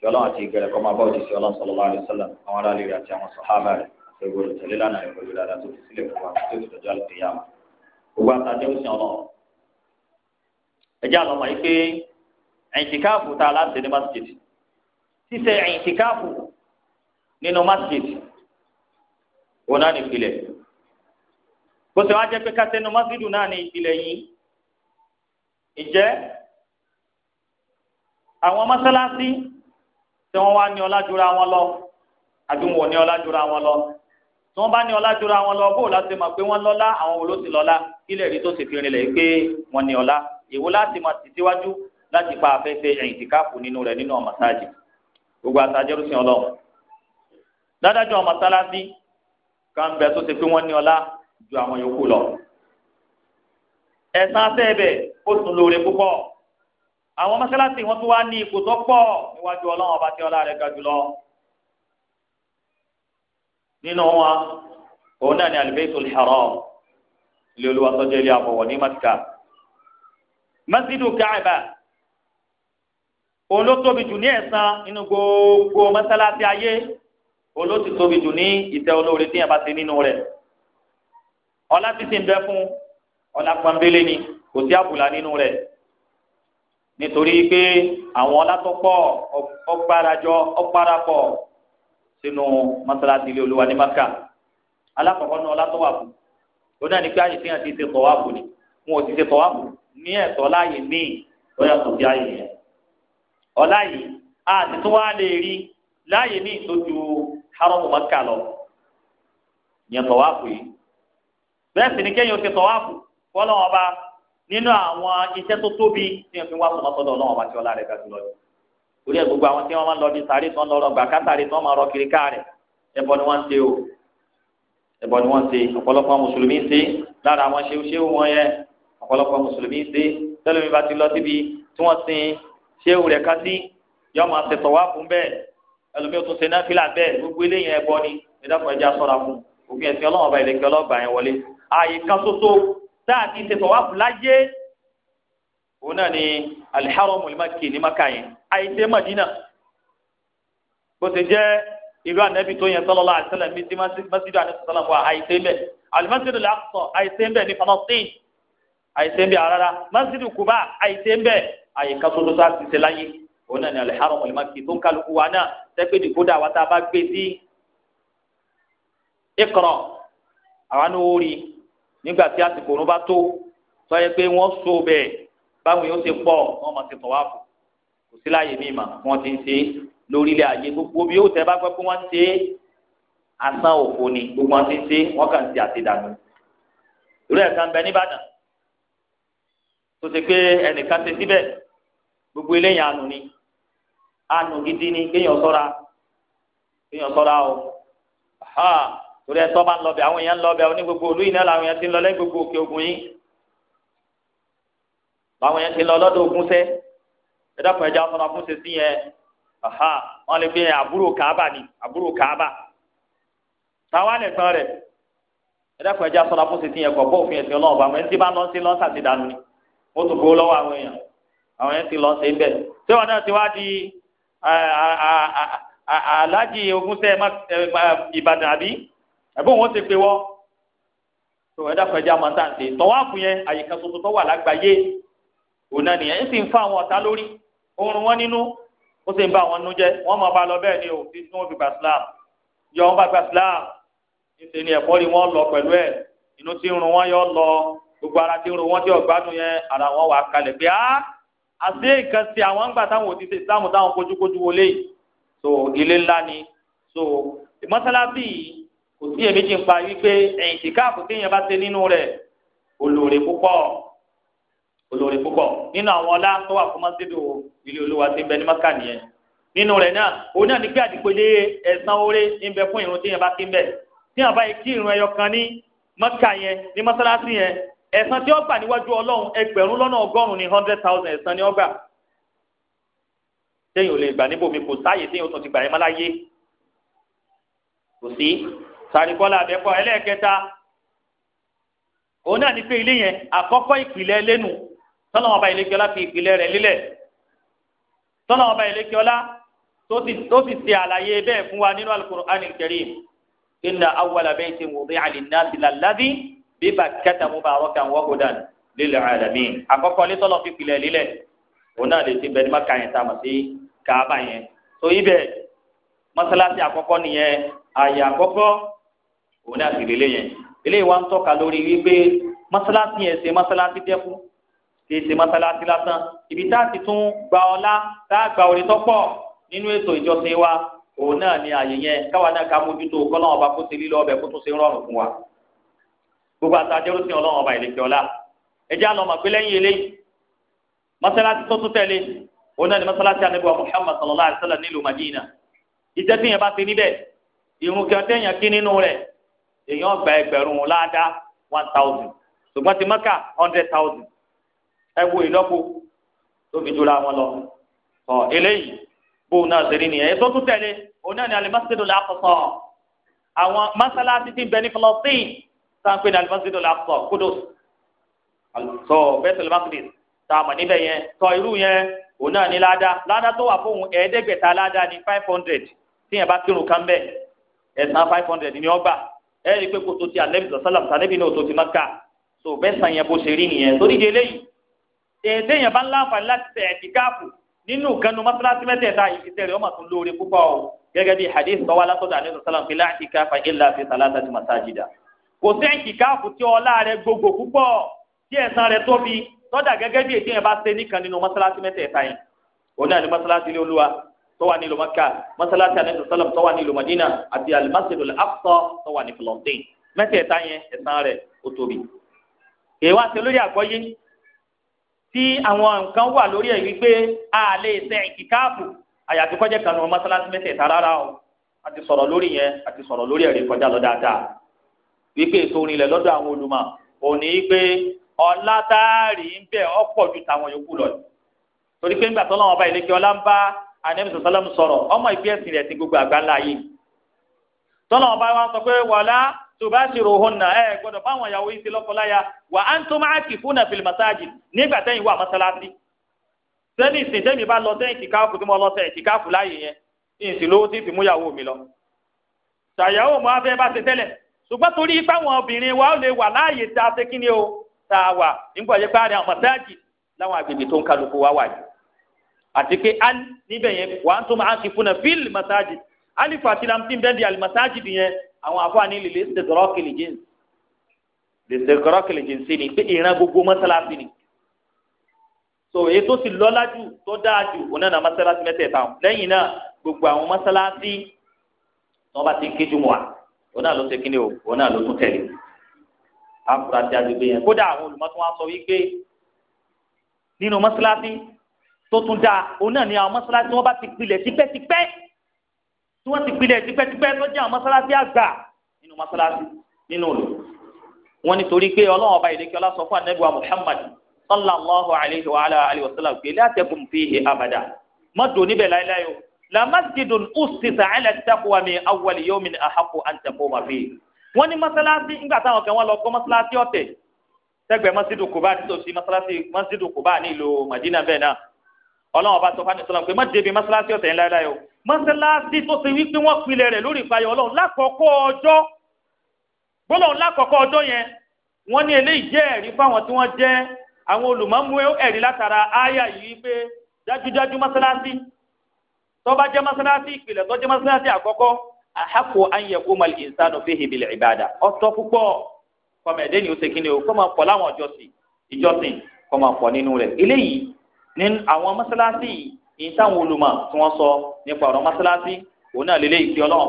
kí ọlọ́run àti ìgbẹ̀rẹ̀ kọ́ máa bá òjijì ọlọ́run sallallahu alaihi wasallam àwọn ará lèrè àti àwọn sàhábà rẹ̀ ṣègbè rẹ̀ tẹ̀lé lánàá rẹ̀ pẹ̀lú dáadáa tó fi sílẹ̀ fún wa tó fi dọ̀jọ́ àlùkìyàmà gbogbo àtàdé òsìn ọlọ́run. ẹjẹ́ àlọ́ mọ̀ yìí pé ẹ̀ǹtìkáàfù tá a láti ní masjid ṣíṣe ẹ̀ǹtìkáàfù nínú masjid òun náà ní ìpìlẹ̀ bó ṣe wá jẹ́ pé kásẹ́nu mọ́sídùú náà ní ìpìlẹ̀ yìí ìjẹ́ àwọn mọ́sálásí tí wọ́n wá ní ọlá jura wọn lọ àbí wọn ò ní ọlá jura wọn lọ tí wọ́n bá ní ọlá jura wọn lọ bóòlá ṣe mọ̀ pé wọ́n lọ́lá àwọn olóṣèlú lọ́lá kílẹ̀ rí tó ṣe fi rinlẹ̀ pé wọ́n ní ọlá èwo láti máa tì síwájú láti pa afẹ́fẹ́ ẹ̀yìn tìkáàpù nínú rẹ̀ nínú ọmọ sáàjì gbogbo àtàjẹrùsìn ọlọ́run dádájọ́ ọmọ sálásí kan bẹ tó ṣe pé wọ́n ní ọlá ju àwọn yòókù lọ. ẹ̀sán sẹ́ẹ̀bẹ̀ ó tún lóore púpọ̀ àwọn mọ́sálásí wọn tún wá ní ipò tó pọ̀ níwájú ọlọ́run ọba tí ọlá rẹ̀ ga jùlọ. nínú wọn òun náà ni al-Baytul Haram ilé olúwa sọ́jọ́ ilé àbọ̀wọ̀ ní Mákà. masjidu Kaaba òun ló tóbi jù ní ẹ̀sán nínú gbogbo mọ́sálásí ayé olóòtú tóbi jù ní ìtẹ́ olóore tí yẹn bá ti nínú rẹ̀ ọlá títí ń bẹ fún ọlá pọnbélé ni kò sí àbùlà nínú rẹ̀ nítorí pé àwọn ọlá tó pọ̀ ọgbàrajọ ọgbàrapọ̀ sínú mọ́sálásí ilé olúwa ní maka alákọ̀ọ́kọ́ náà ọlá tó wà fún ló náà ní pé àyè tí yẹn ti ṣe tọ̀ wá fún ni wọn ò ti ṣe tọ̀ wá fún ní ẹ̀tọ́ láàyè míì lọ́yà tó fi àyè yẹn ọlá yìí a ti wá lè rí láàyè míì tó ju haramu maka lọ yẹn tọwáfù yìí bẹ́ẹ̀ sì ni kéèyàn ti tọwáfù fọlọ́wọ́n ọba nínú àwọn iṣẹ́ tó tóbi tí wọ́n fi wá sọ̀rọ̀ sọ́dọ̀ ọlọ́wọ́n ọba tí ọlá rẹ̀ ga jùlọ ni orí ẹ̀ gbogbo àwọn tí wọ́n máa ń lọ bí sáré tán lọ́rọ̀ gbà kátàrí tán máa rọ kiri ká rẹ̀ ẹbọ ni wọ́n ń ṣe o ẹbọ ni wọ́n ń ṣe ọ̀pọ̀lọpọ̀ mùsùlùmí ń ṣe lára àwọn ṣéwú ṣéwú wọn yẹn ọ̀pọ̀lọpọ̀ mùsùlùmí ń ṣe tẹ́lẹ̀ mi bá ti lọ síbi tí wọ́n sin ṣéwú rẹ̀ ká sí máa ṣe fún bẹ́ẹ̀ ẹlòmíì tún ṣe náfìlà bẹ́ẹ̀ gbogbo eléyìí ẹbọ ni ìdáfọ ẹjẹ asọra fún òfin ẹsìn Ọlọ́run ọba ìlẹkẹ ọlọgbà yẹn wọlé ààyè kan ṣoṣo táàtì ṣe tọwá fún láyé òun náà ni aliharamul maki ní maka yẹn àyíṣe madina bó ṣe jẹ ìlú anabi tó yẹn sọlọlá àtẹlẹ mi sí masidu anabi sọlọ wa àyíṣe mbẹ alimasidu làkùsọ àyíṣe mbẹ ní falasin àyíṣe mbẹ arara masidu kuba àyíṣe mbẹ àyè kan ṣoṣo táàtì ṣe láyé òun náà ní al-haram al-makki tó ń kálukú wa náà sẹ́pẹ́ ní kódà wa tá a bá gbé sí Iqra àwa ní orí nígbà tí àsìkò òun bá tó sọ́yẹ́ pé wọ́n so bẹ́ẹ̀ báwọn yóò ṣe pọ̀ wọ́n máa ṣe tọ̀wáàfù kò sí láàyè mímà wọ́n ti ń ṣe lórílẹ̀ ayé gbogbo bí yóò tẹ́ bá gbọ́ pé wọ́n ṣe asán òfò ni gbogbo wọn ti ń ṣe wọ́n kàn ti àtìdànù irú ẹ̀ kan bẹ nìbàdàn tó ṣe pé ẹnìkan ṣe síbẹ̀ gbogbo eléyàn àánú ni Anu gidi ni kéèyàn ṣọ́ra kéèyàn ṣọ́ra o torí ẹ tọ́ba ń lọ bẹ àwọn èèyàn ń lọ bẹ ọ ní gbogbo olú iná làwọn èèyàn ti ń lọ lẹ́yìn gbogbo òkè ògùn yìí làwọn èèyàn ti ń lọ lọ́dọ̀ ogun ẹ dákun ẹja ọmọ náà fún sí yẹn wọn lè fi yẹn àbúrò kàába ni àbúrò kàába táwa lè tán rẹ ẹ dákun ẹja sọ̀rọ̀ fún ṣe sí yẹn kọ̀ bọ́ òfin ẹ̀sìn ọlọ́ọ̀bà àwọn ni wọ́n tó gbowó lọ́wọ́ àwọn èèyàn àwọn èèyàn ti lọ sí aláàjì ogúnṣẹ́ eh, ìbàdàn àbí ẹ̀bùn wọn ti pe wọ́n tó ẹ̀dá fẹ̀jẹ̀ àmọ́tàǹtì tọ́wáàfù yẹn àyíká tuntun tó wà lágbàáyé òun nìyẹn ń sì ń fa àwọn ọ̀tá lórí oorun wọn nínú ó sì ń bá àwọn nú jẹ wọn máa bá lọ bẹ́ẹ̀ ni ò tí wọn fi gbà Islam yọ wọn bá gbà Islam níṣẹ́ ni ẹ̀fọ́ rí wọn lọ pẹ̀lú ẹ̀ inú tí ń run wọn yọ lọ gbogbo ara tí ń run wọn tí ọ̀gbádùn yẹn ara wọn wà kalẹ̀ pé áá àti nǹkan ti àwọn ń gbà táwọn òtí ṣe islam táwọn kojúkojú wọlé yìí so ilé ńlá ni so mọ́sálásí yìí kò sí èméjì ń pa wípé ẹ̀yìn tí káàkó téèyàn bá ṣe nínú rẹ̀ olóore púpọ̀ olóore púpọ̀ nínú àwọn ọlá tó wà fún mọ́sídò ilé olúwa tí ń bẹ ní mọ́kà nìyẹn nínú rẹ̀ náà òun náà ní pé àdìpele ẹ̀sán oore ń bẹ fún ìrun téèyàn bá kí ń bẹ̀ téèyàn bá kí ìrun ẹyọ kan ní mọ́kà yẹn ní mọ́sálásí yẹn ẹ̀san tí ó gbà níwájú ọlọ́run ẹgbẹ̀rún lọ́nà ọgọ́rùn-ún ní hundred thousand ẹ̀san ni ó gbà téèyàn ò lè gbà níbòmí kò sáàyè téèyàn tó ti gbà yẹn má láyé kò sí sàríkọ́lá àbẹ́kọ́ ẹlẹ́ẹ̀kẹta òun náà ní pé ilé yẹn àkọ́kọ́ ìpìlẹ̀ lẹ́nu tọ́lá ọba ìlẹ́kẹ́ọ́lá fi ìpìlẹ̀ rẹ̀ lílẹ̀ tọ́lá ọba ìlẹ́kẹ́ọ́lá tó sì ṣe àlàyé bẹ́ẹ̀ fún wa nínú Al-Qur'an Al-Karim inna awwala baytin wudi'a lin-nasi lalladhi bíbà kẹta mú bá àwọn kan wọ́kọ̀ dànù lílẹ̀ alamin àkọ́kọ́ nítọ́lọ́ fi pilẹ̀ lílẹ̀ òun náà lè ti bẹ̀rẹ̀ má kàyẹn tá a mọ̀ sí káàbà yẹn tó ibẹ̀ mọ́sálásí àkọ́kọ́ nìyẹn àyè àkọ́kọ́ òun náà sì lélẹ̀ yẹn eléyìí wá ń tọ́ka lórí wípé mọ́sálásí yẹn ṣe mọ́sálásí dẹ́kun kì í ṣe mọ́sálásí lásán ibi tá a ti tún gba ọlá tá a gba orí tọ́pọ̀ nínú ètò ìjọsìn wa òun náà ni àyè yẹn káwa náà ká mójútó kọ́lọ́wọ́n ọba kó ṣe lílọ́ ọbẹ̀ kó tún ṣe rọrùn fún wa gbogbo àtàjẹrò sí ọlọ́run ọba ìlẹ̀kẹ̀ ọ̀la ẹjẹ́ àlọ́ mà pé lẹ́yìn eléyìí mọ́sálásí tó tún tẹ̀lé òun náà ni mọ́sálásí anábíwá Muhammad sallallahu alayhi wa sallam nílùú Madina ìjẹ́ tí yẹn bá ti níbẹ̀ ìrun kan téèyàn kí nínú rẹ̀ èèyàn gba ẹgbẹ̀rún láàdá one thousand ṣùgbọ́n ti Mẹ́kà hundred thousand ẹ wo ìlọ́po tó fi jura wọn lọ ọ eléyìí bóun náà ṣe rí nìyẹn ètò tún tẹ̀lé òun náà ni al-Masjidul Aqsa àwọn mọ́sálásí ti bẹ ní Falastin sáńpé ní alimọ́sídò la sọ kódò sọ bẹ́tẹ̀lẹ̀ mákìdìs tá a mọ̀ níbẹ̀ yẹn sọ irú yẹn òun náà ní ládàá ládàá tó wà fóun ẹ̀ẹ́dẹ́gbẹ̀ta ládàá ní five hundred tíyẹn bá kírun kan bẹ́ẹ̀ ẹ̀sán five hundred ní ọgbà ẹ̀ẹ́dì pé kòtò ti alẹ́ bìtọ̀ sálàm sálẹ́bì náà tó ti máa kà so bẹ́sàn yẹn bó ṣe rí nìyẹn torí di eléyìí èdè yẹn bá ń láǹfààní láti tẹ̀ ẹ̀dígáàfù nínú kanu mọ́sálásí mẹ́tẹ̀ẹ̀ta ìfisẹ́ rẹ̀ ọmọ tó lóore púpọ̀ o gẹ́gẹ́ bí hadith tọ́wọ́ alásọ̀dọ̀ àlẹ́ sọ̀sálàm fi láti ká fa ilà fi sàlátà ti masajida kò sẹ́ǹkì káàfù tí ọlá rẹ̀ gbogbo púpọ̀ tí ẹ̀san rẹ̀ tóbi tọ́jà gẹ́gẹ́ bí èdè yẹn bá ṣe nìkan nínú mọ́sálásí mẹ́tẹ̀ẹ̀ta yẹn òun náà ní mọ́sálásí ilé olúwa tó wà nílùú Mẹ́kà mọ́sálásí àlẹ́ sọ́sọ́lọ́m tó wà nílùú Mẹ́dínà àti alimásílù Al-Aqsa tó wà ní Filistin mẹ́tẹ̀ẹ̀ta yẹn ẹ̀san rẹ̀ ó tóbi. èèwà ṣe lórí àgbọ́yé tí àwọn nǹkan wà lórí ẹ̀ wípé a lè ṣe ìkíkáàbù àyàfi kọjá kan nínú mọ́sálásí mẹ́tẹ̀ẹ̀ta rárá o àti sọ̀rọ̀ lórí yẹn àti sọ̀rọ̀ lórí ẹ̀rí kọjá lọ dáadáa wípé ètò orinlẹ̀ lọ́dọ̀ àwọn olùmọ̀ òní pé ọlá táàrí ń bẹ̀ ọ̀pọ̀ ju tàwọn yòókù lọ torí pé ńgbà tó lọ́wọ́ báyìí lékè ọlá ń bá anẹ́mísọ̀ sálámù ọmọ ìbí ẹ̀sìn rẹ ti gbogbo àgbáńlá yìí tọ́lọ́wọ́ bá wọn sọ pé wàlá tubashiruhunna ẹ gbọ́dọ̀ báwọn ìyàwó yìí ti ya wa antum akifuna fil masajid nígbà tẹ́yìn wà mọ́sálásí sẹ́ni ìsìn tẹ́mi bá lọ sẹ́yìn lọ sẹ́yìn láàyè yẹn ìsìn lówó lọ. ṣàyàwó bá ṣe ṣùgbọ́n torí ipá àwọn obìnrin wa ó lè wà láàyè tá a ṣe kí ni o tá a wà nígbà yẹn pé àrẹ àwọn mọ̀sáàjì láwọn agbègbè tó ń kálukú wa wà yìí àti pé a níbẹ̀ yẹn wà á tún máa ń fúnà fíìlì mọ̀sáàjì alifa àti lamtí ń bẹ́ẹ̀ di àlùmọ̀sáàjì yẹn àwọn àfọwọ́ni lè lè ṣe dọ́rọ́ kìlì jíǹsì lè ṣe dọ́rọ́ kìlì jíǹsì ni pé ìran gbogbo mọ́sálásí ni so èyí tó sì lọ́lá jù tó dáa jù òun náà mọ́sálásí mẹ́tẹ̀ẹ̀ta lẹ́yìn náà gbogbo àwọn mọ́sálásí òun náà ló ṣe kíni o òun náà ló tún tẹ̀lé afurasí agbègbè yẹn kódà àwọn olùmọ̀tò wa sọ wípé nínú mọ́sálásí tó tún dáa òun náà ni àwọn mọ́sálásí wọn bá ti pilẹ̀ tipẹ́tipẹ́ tí wọ́n ti pilẹ̀ tipẹ́tipẹ́ tó jẹ́ àwọn mọ́sálásí àgbà nínú mọ́sálásí nínú òlù wọn nítorí pé ọlọ́run ọba ìdíkẹ́ ọlá sọ fún anẹ́gbà Muhammad sallallahu alayhi wa alayhi wa sallam pé láti ẹkùn fi hì abada mọ́tò níbẹ̀ láéláé o la masjidun usisa ala taqwa min awwali yawmin ahaqqu an taquma fi wọ́n ní masalasi ńgbà táwọn kan wọ́n lọ kọ́ masalasi ọ̀tẹ̀ sẹ́gbẹ̀ masjidu kuba ti tòsí masalasi masjidu kuba nílùú madina bẹ́ẹ̀ náà Ọlọ́run ọba sọfani sọlọ pé má débi masalasi ọ̀tẹ̀ ńlá ẹlá yọ masalasi tó ti wípé wọ́n pilẹ̀ rẹ̀ lórí ìfayọ Ọlọ́run lákọ̀ọ́kọ́ ọjọ́ gbólóhùn lákọ̀ọ́kọ́ ọjọ́ yẹn wọ́n ní eléyìí jẹ́ ẹ̀rí fáwọn tí wọ́n jẹ́ àwọn olùmọ̀mú ẹ̀rí látara áyà yìí pé dájúdájú masalasi tọba jẹ masalasi mọ́sálásí ìpìlẹ̀ tó masalasi mọ́sálásí àkọ́kọ́ àhàkù ayẹ̀kú mal ìsánù fi hìbìl ìbàdà ọ̀tọ̀ púpọ̀ kọ́mọ ni o ṣe kíni o kọ́mọ pọ láwọn ìjọsìn ìjọsìn kọ́mọ pọ nínú rẹ eléyìí ní àwọn mọ́sálásí yìí táwọn olùmọ̀ tí wọ́n sọ nípa ọrọ mọ́sálásí òun náà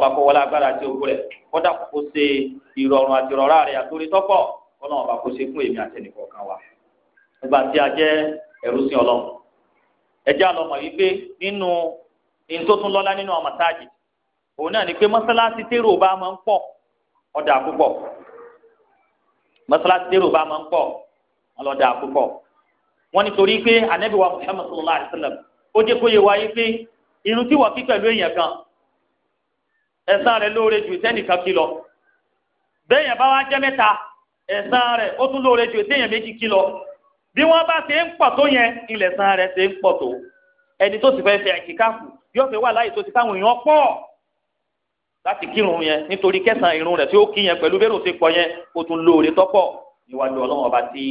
bá wọlé agbára àti owó kó ṣe àti àtòrí bá kó ṣe wa. tí a ẹrú sí ẹ èyí tó nínú ọmọ òun náà ni pé mọ́sálásí tèrò bá máa ń pọ̀ ọ̀dà púpọ̀ mọ́sálásí tèrò bá máa ń pọ̀ ọlọ́dà púpọ̀ wọ́n ní torí pé anabi wa muhammad sallallahu alayhi wa sallam ó jẹ́ kó yé wa yìí pé irun tí wọ́n kí pẹ̀lú èèyàn kan ẹ̀san rẹ̀ lóore ju ìtẹ́nìkan kí lọ yẹn bá wá jẹ́ mẹ́ta ẹ̀san rẹ̀ ó tún lóore ju ìtẹ́yàn méjì kí bí wọ́n bá ṣe ń pọ̀ tó yẹn ilẹ̀ san rẹ̀ ṣe ń pọ̀ tó ẹni tó sì fẹ́ ṣe àkíkáàfù yóò fẹ́ wà láyè tó ti káwọn èèyàn pọ̀ láti kírun yẹn nítorí kẹsàn-án irun rẹ̀ tí ó kí yẹn pẹ̀lú bẹ́ẹ̀ ló ṣe pọ̀ yẹn ó tún lóore tọ́pọ̀ níwájú ọlọ́run ọba tí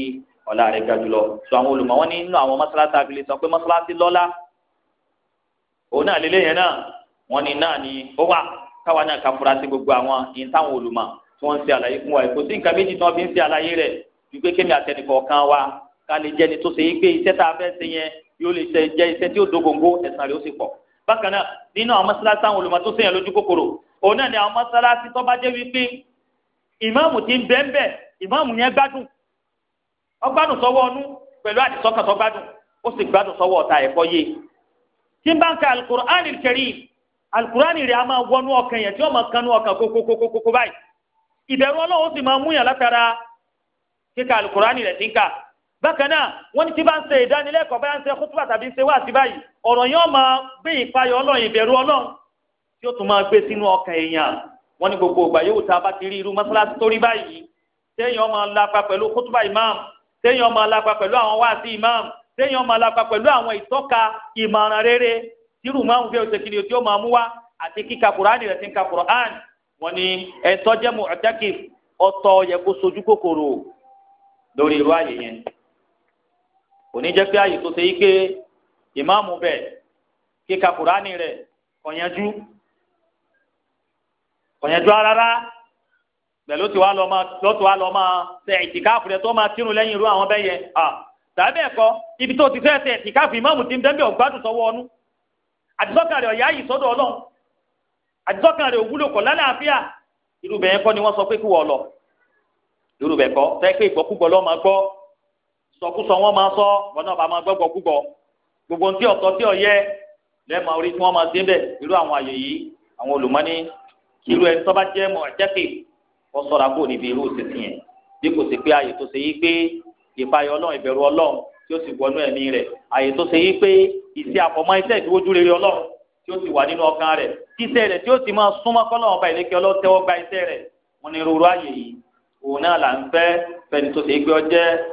ọlá rẹ̀ ga jùlọ sọ àwọn olùmọ̀ wọn nínú àwọn mọ́sálásí abilé sọ pé mọ́sálásí lọ́lá òun náà lélẹ́yìn náà wọ́n ní náà ni ó wà káwa náà ká fura sí gbogbo àwọn ìyẹn táwọn olùmọ̀ tí wọ́n ń ṣe àlàyé fún wa kò sí nǹkan méjì tí wọ́n fi ń ṣe àlàyé rẹ̀ ju pé kémi àtẹnìkọ̀ọ̀kan wa ká lè jẹ́ni tó ṣe é pé iṣẹ́ tá a fẹ́ ṣe yẹn yóò lè jẹ́ iṣẹ́ tí ó dógóńgó ẹ̀san rẹ̀ ó sì pọ̀ bákan náà nínú àwọn mọ́sálásí àwọn olùmọ̀ tó sèyàn lójú kòkòrò òun náà ni àwọn mọ́sálásí tó bá jẹ́ wípé ìmáàmù ti ń bẹ́ẹ̀ bẹ́ẹ̀ ìmáàmù yẹn gbádùn ọgbádùn sọ́wọ́ ọnú pẹ̀lú àdìsọ́kàn tó gbádùn ó sì gbádùn sọ́wọ́ ọ̀tá ẹ̀kọ́ yé tí ń bá ń ka alukur'ani kẹrì alukur'ani rẹ̀ a máa wọnú ọkàn yẹn tí ó máa kanú ọkàn kókókókókó báyìí ìbẹ̀rù ọlọ́run sì máa mú yàn látara kíka alukur'ani rẹ̀ ti ń kà bákan náà wọ́n ní tí bá ń ṣe ìdánilẹ́kọ̀ọ́ bá ń ṣe kútùbà tàbí ṣe wáàsí báyìí ọ̀rọ̀ yẹn máa gbé ìpayọ̀ ọlọ́run ìbẹ̀rù ọlọ́run tí ó tún máa gbé sínú ọkàn èèyàn wọ́n ní gbogbo ìgbà yóò tá bá ti rí irú mọ́sálásí tó rí báyìí téèyàn máa lapa pẹ̀lú kútùbà imam téèyàn máa lapa pẹ̀lú àwọn wáàsí imam téèyàn máa lapa pẹ̀lú àwọn ìtọ́ka ìmọ̀ràn rere tírù máa ń fi ọ̀sẹ̀ kiri tí ó máa mú wá àti kíka kùránì rẹ̀ ti ń ka kò ní jẹ́ pé àyè tó ṣe yí pé ìmáàmù bẹ̀ kíka kùránì rẹ̀ ọ̀yanjú ọ̀yanjú rárá bẹ̀lú tí wàá lọ máa lọ́tù wàá lọ máa ṣe ìtìkáàfù rẹ̀ tó máa tírun lẹ́yìn irú àwọn bẹ́ẹ̀ yẹn tàbí ẹ̀kọ́ ibi tó ti fẹ́ ṣe ìtìkáàfù ìmáàmù ti ń dẹ́ńbẹ̀ ọ̀gbádùn sọ́wọ́ ọnú àdìsọ́kàn rẹ̀ ọ̀yá yìí sọ́dọ̀ ọlọ́run àdìsọ́kàn rẹ̀ òwúlò kọ̀ lálàáfíà irú bẹ́ẹ̀ kọ́ ni wọ́n sọ pé kí wọ́n lọ irú bẹ́ẹ̀ kọ́ tẹ́ sọkúsọ wọn máa sọ wọn náà bá máa gbọgbọ gbúgbọ gbogbo ntí ọtọ tí yẹ lẹẹma orí tí wọn máa dé bẹ irú àwọn àyè yìí àwọn olùmọ́ni irú ẹni tó bá jẹ́ mọ̀ ẹ̀jẹ̀kì sọ̀rọ̀ níbi irú yẹn bí kò sí pé tó ṣe yí pé ìpayọ̀ ọlọ́run ìbẹ̀rù ọlọ́run tí ó sì wọnú ẹ̀mí rẹ̀ àyè tó ṣe yí pé ìṣe àfọmọ́ iṣẹ́ ìdíwójú rere ọlọ́run tí ó sì wà nínú ọkàn gba iṣẹ́ rẹ̀ wọn ni yìí òun náà là ń fẹ́ tó ṣe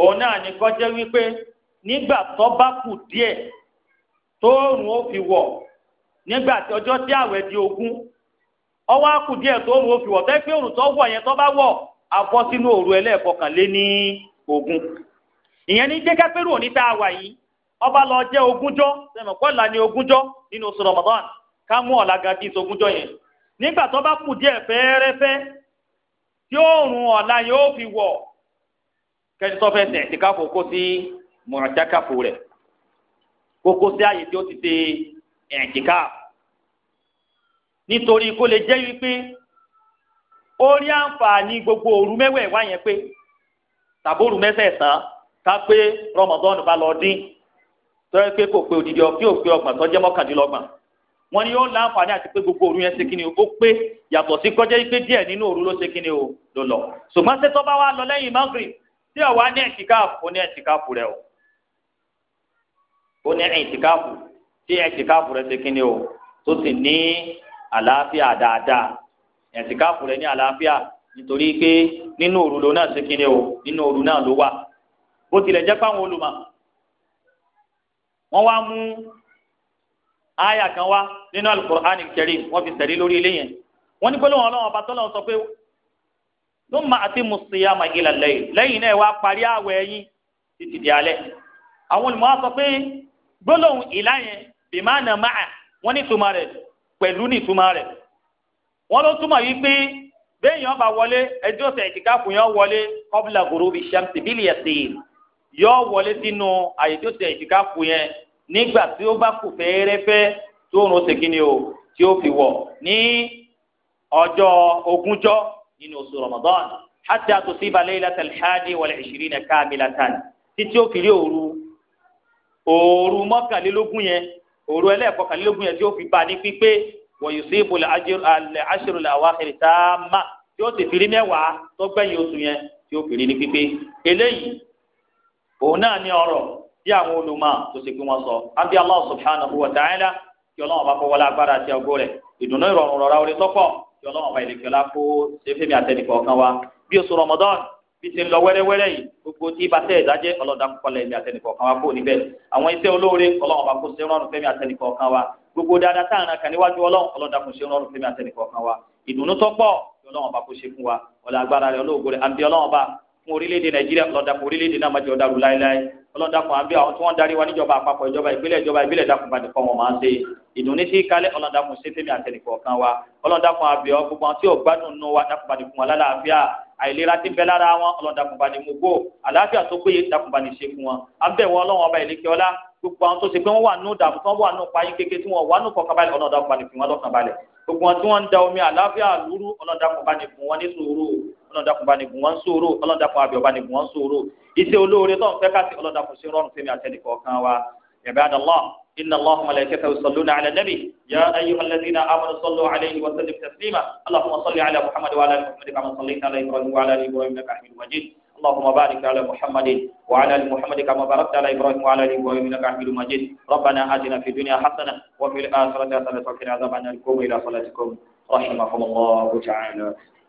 òun náà ní kọjá wípé nígbà tó bá kù díẹ̀ tóòrùn ó fi wọ̀ nígbà tí tí di ogún ọwọ́ àkù díẹ̀ tóòrùn ó fi wọ fẹ́ òrùn tó wọ̀ yẹn tó bá sínú òru ní ogún ọba lọ ní nínú oṣù Ramadan bíi yẹn nígbà tó bá kù tí kẹ́ni tó fẹ́ sẹ̀ ẹ̀tìká fò kó sí mọ̀rànjáká fò rẹ̀ kó kó sí àyè tí ó ti ṣe ẹ̀tìká nítorí kó lè jẹ́ wípé ó rí àǹfààní gbogbo òru mẹ́wẹ̀ẹ̀wá yẹn pé tàbóru mẹ́sẹ̀ẹ̀sán ká pé rọmọdọ́nù bá lọ dín tọ́yẹ pé kò pé òdìdí ọ̀pẹ́ òpé ọgbọ̀n tó jẹ́ mọ́kàndínlọ́gbọ̀n wọ́n ní yóò láǹfààní àti pé gbogbo òru yẹn ṣe kíni ó pé yàtọ̀ sí kọjá yìí pé díẹ̀ nínú òru ló ṣe kíni ó lò lọ ṣùgbọ́n ṣé tó bá wá lọ lẹ́yìn magrib tí ọ̀wá ní ẹ̀tìkáàfù ó ní ẹ̀tìkáàfù rẹ o ó ní ẹ̀tìkáàfù tí ẹ̀tìkáàfù rẹ ṣe kíni o tó sì ní àlàáfíà dáadáa ẹ̀tìkáàfù rẹ ní àlàáfíà nítorí pé nínú òru ló náà ṣe kíni o nínú òru náà ló wà bó tilẹ̀ jẹ́ páwọn olùmọ̀ wọ́n wá mú àyà kan wá nínú Al-Qur'an Al-Karim wọ́n fi sẹ̀rí lórí ilé yẹn wọ́n ní pé lóun ọlọ́run ọba tọ́lọ́run sọ thumma atimmu siyama ila layl lẹ́yìn náà wá parí àwẹ̀ yín títí di alẹ́ àwọn olùmọ̀ á sọ pé gbólóhùn ìlà yẹn bimana ma'a wọ́n ní ìtumọ̀ rẹ̀ pẹ̀lú ní ìtumọ̀ rẹ̀ wọ́n ló túmọ̀ yìí pé béèyàn bá wọlé ẹjọ́ ọ̀sẹ̀ ìtìkáfù yẹn wọlé qabla ghurubi shamsi bil yasin yọ wọlé sínú àyè nínú oṣù Ramadan hatta tusiba laylatal hadi wal ishirina kamilatan títí ó fi rí òru òru mọ́kànlélógún yẹn òru ẹlẹ́ẹ̀kọkànlélógún yẹn tí ó fi bá ní pípé wa yusibu al-ashru al-awakhir tamma tí ó sì fi rí mẹ́wàá tó gbẹ̀yìn oṣù yẹn tí ó fi rí ní pípé eléyìí òun náà ní ọ̀rọ̀ bí àwọn olùmọ̀ tó ṣe pé wọ́n sọ àbí Allah subhanahu wa ta'ala kí ọlọ́run bá kọ́ wọlé àti ọgọ́ rẹ̀ ìdùnnú ìrọ̀rùn rọra orí tọ́pọ̀ kí ọlọ́run ọba ìlẹ̀kẹ́lá kó ṣẹ́fẹ̀mí àtẹnìkọ̀ kan wa bí oṣù Ramadan bí ti ń lọ wẹ́rẹ́wẹ́rẹ́ yìí gbogbo tí ìbátẹ́ ìdájẹ́ ọlọ́dàkùnkọ́lẹ̀ ẹ̀mí àtẹnìkọ̀ kan wa kó níbẹ̀ àwọn iṣẹ́ olóore ọlọ́run ọba kó ṣe rọrùn fẹ́mi àtẹnìkọ̀ kan wa gbogbo dáadáa tá à ń ra kàn níwájú ọlọ́run ọlọ́dàkùn ṣe rọrùn fẹ́mi àtẹnìkọ̀ kan wa ìdùnnú tó pọ̀ ọlọ́run ọba kó ṣe fún wa ọlọ́run dákun àbí àwọn tí wọ́n darí wa níjọba àpapọ̀ ìjọba ìbílẹ̀ ìjọba ìbílẹ̀ dákun bá nìkan wọn máa ń ṣe ìdùnnú sí kálẹ̀ ọlọ́run dákun fẹ́mi àtẹnìkọ̀ kan wa ọlọ́run dákun àbí ọ gbogbo àwọn tí ò gbádùn nù wa dákun bá nìkan wọn lálàáfíà àìlera tí ń bẹ lára wọn ọlọ́run dákun bá ní mú gbó àlàáfíà tó péye dákun bá ní ṣe fún wọn abẹ́wọ̀ ọlọ́run ọba ìlẹ́kẹ́ wọn lọ́kànbalẹ̀ ọlọ́dàkùn bá ní gùn wọ́n sòrò ọlọ́dàkùn abẹ́ ọba ní gùn wọ́n sòrò iṣẹ́ olóore tó ń fẹ́ ká sí ọlọ́dàkùn sí rọrùn fẹ́mi àtẹnìkọ̀ọ̀kan wa ibadallah إن الله ملائكته يصلون على النبي يا أيها الذين آمنوا صلوا عليه وسلم تسليما اللهم صل على محمد وعلى آل محمد كما صليت على إبراهيم وعلى آل إبراهيم إنك حميد مجيد اللهم بارك على محمد وعلى ال محمد كما باركت على ابراهيم وعلى ال ابراهيم انك حميد مجيد ربنا اتنا في الدنيا حسنه وفي الاخره حسنه وقنا عذاب النار قوموا الى صلاتكم رحمكم الله تعالى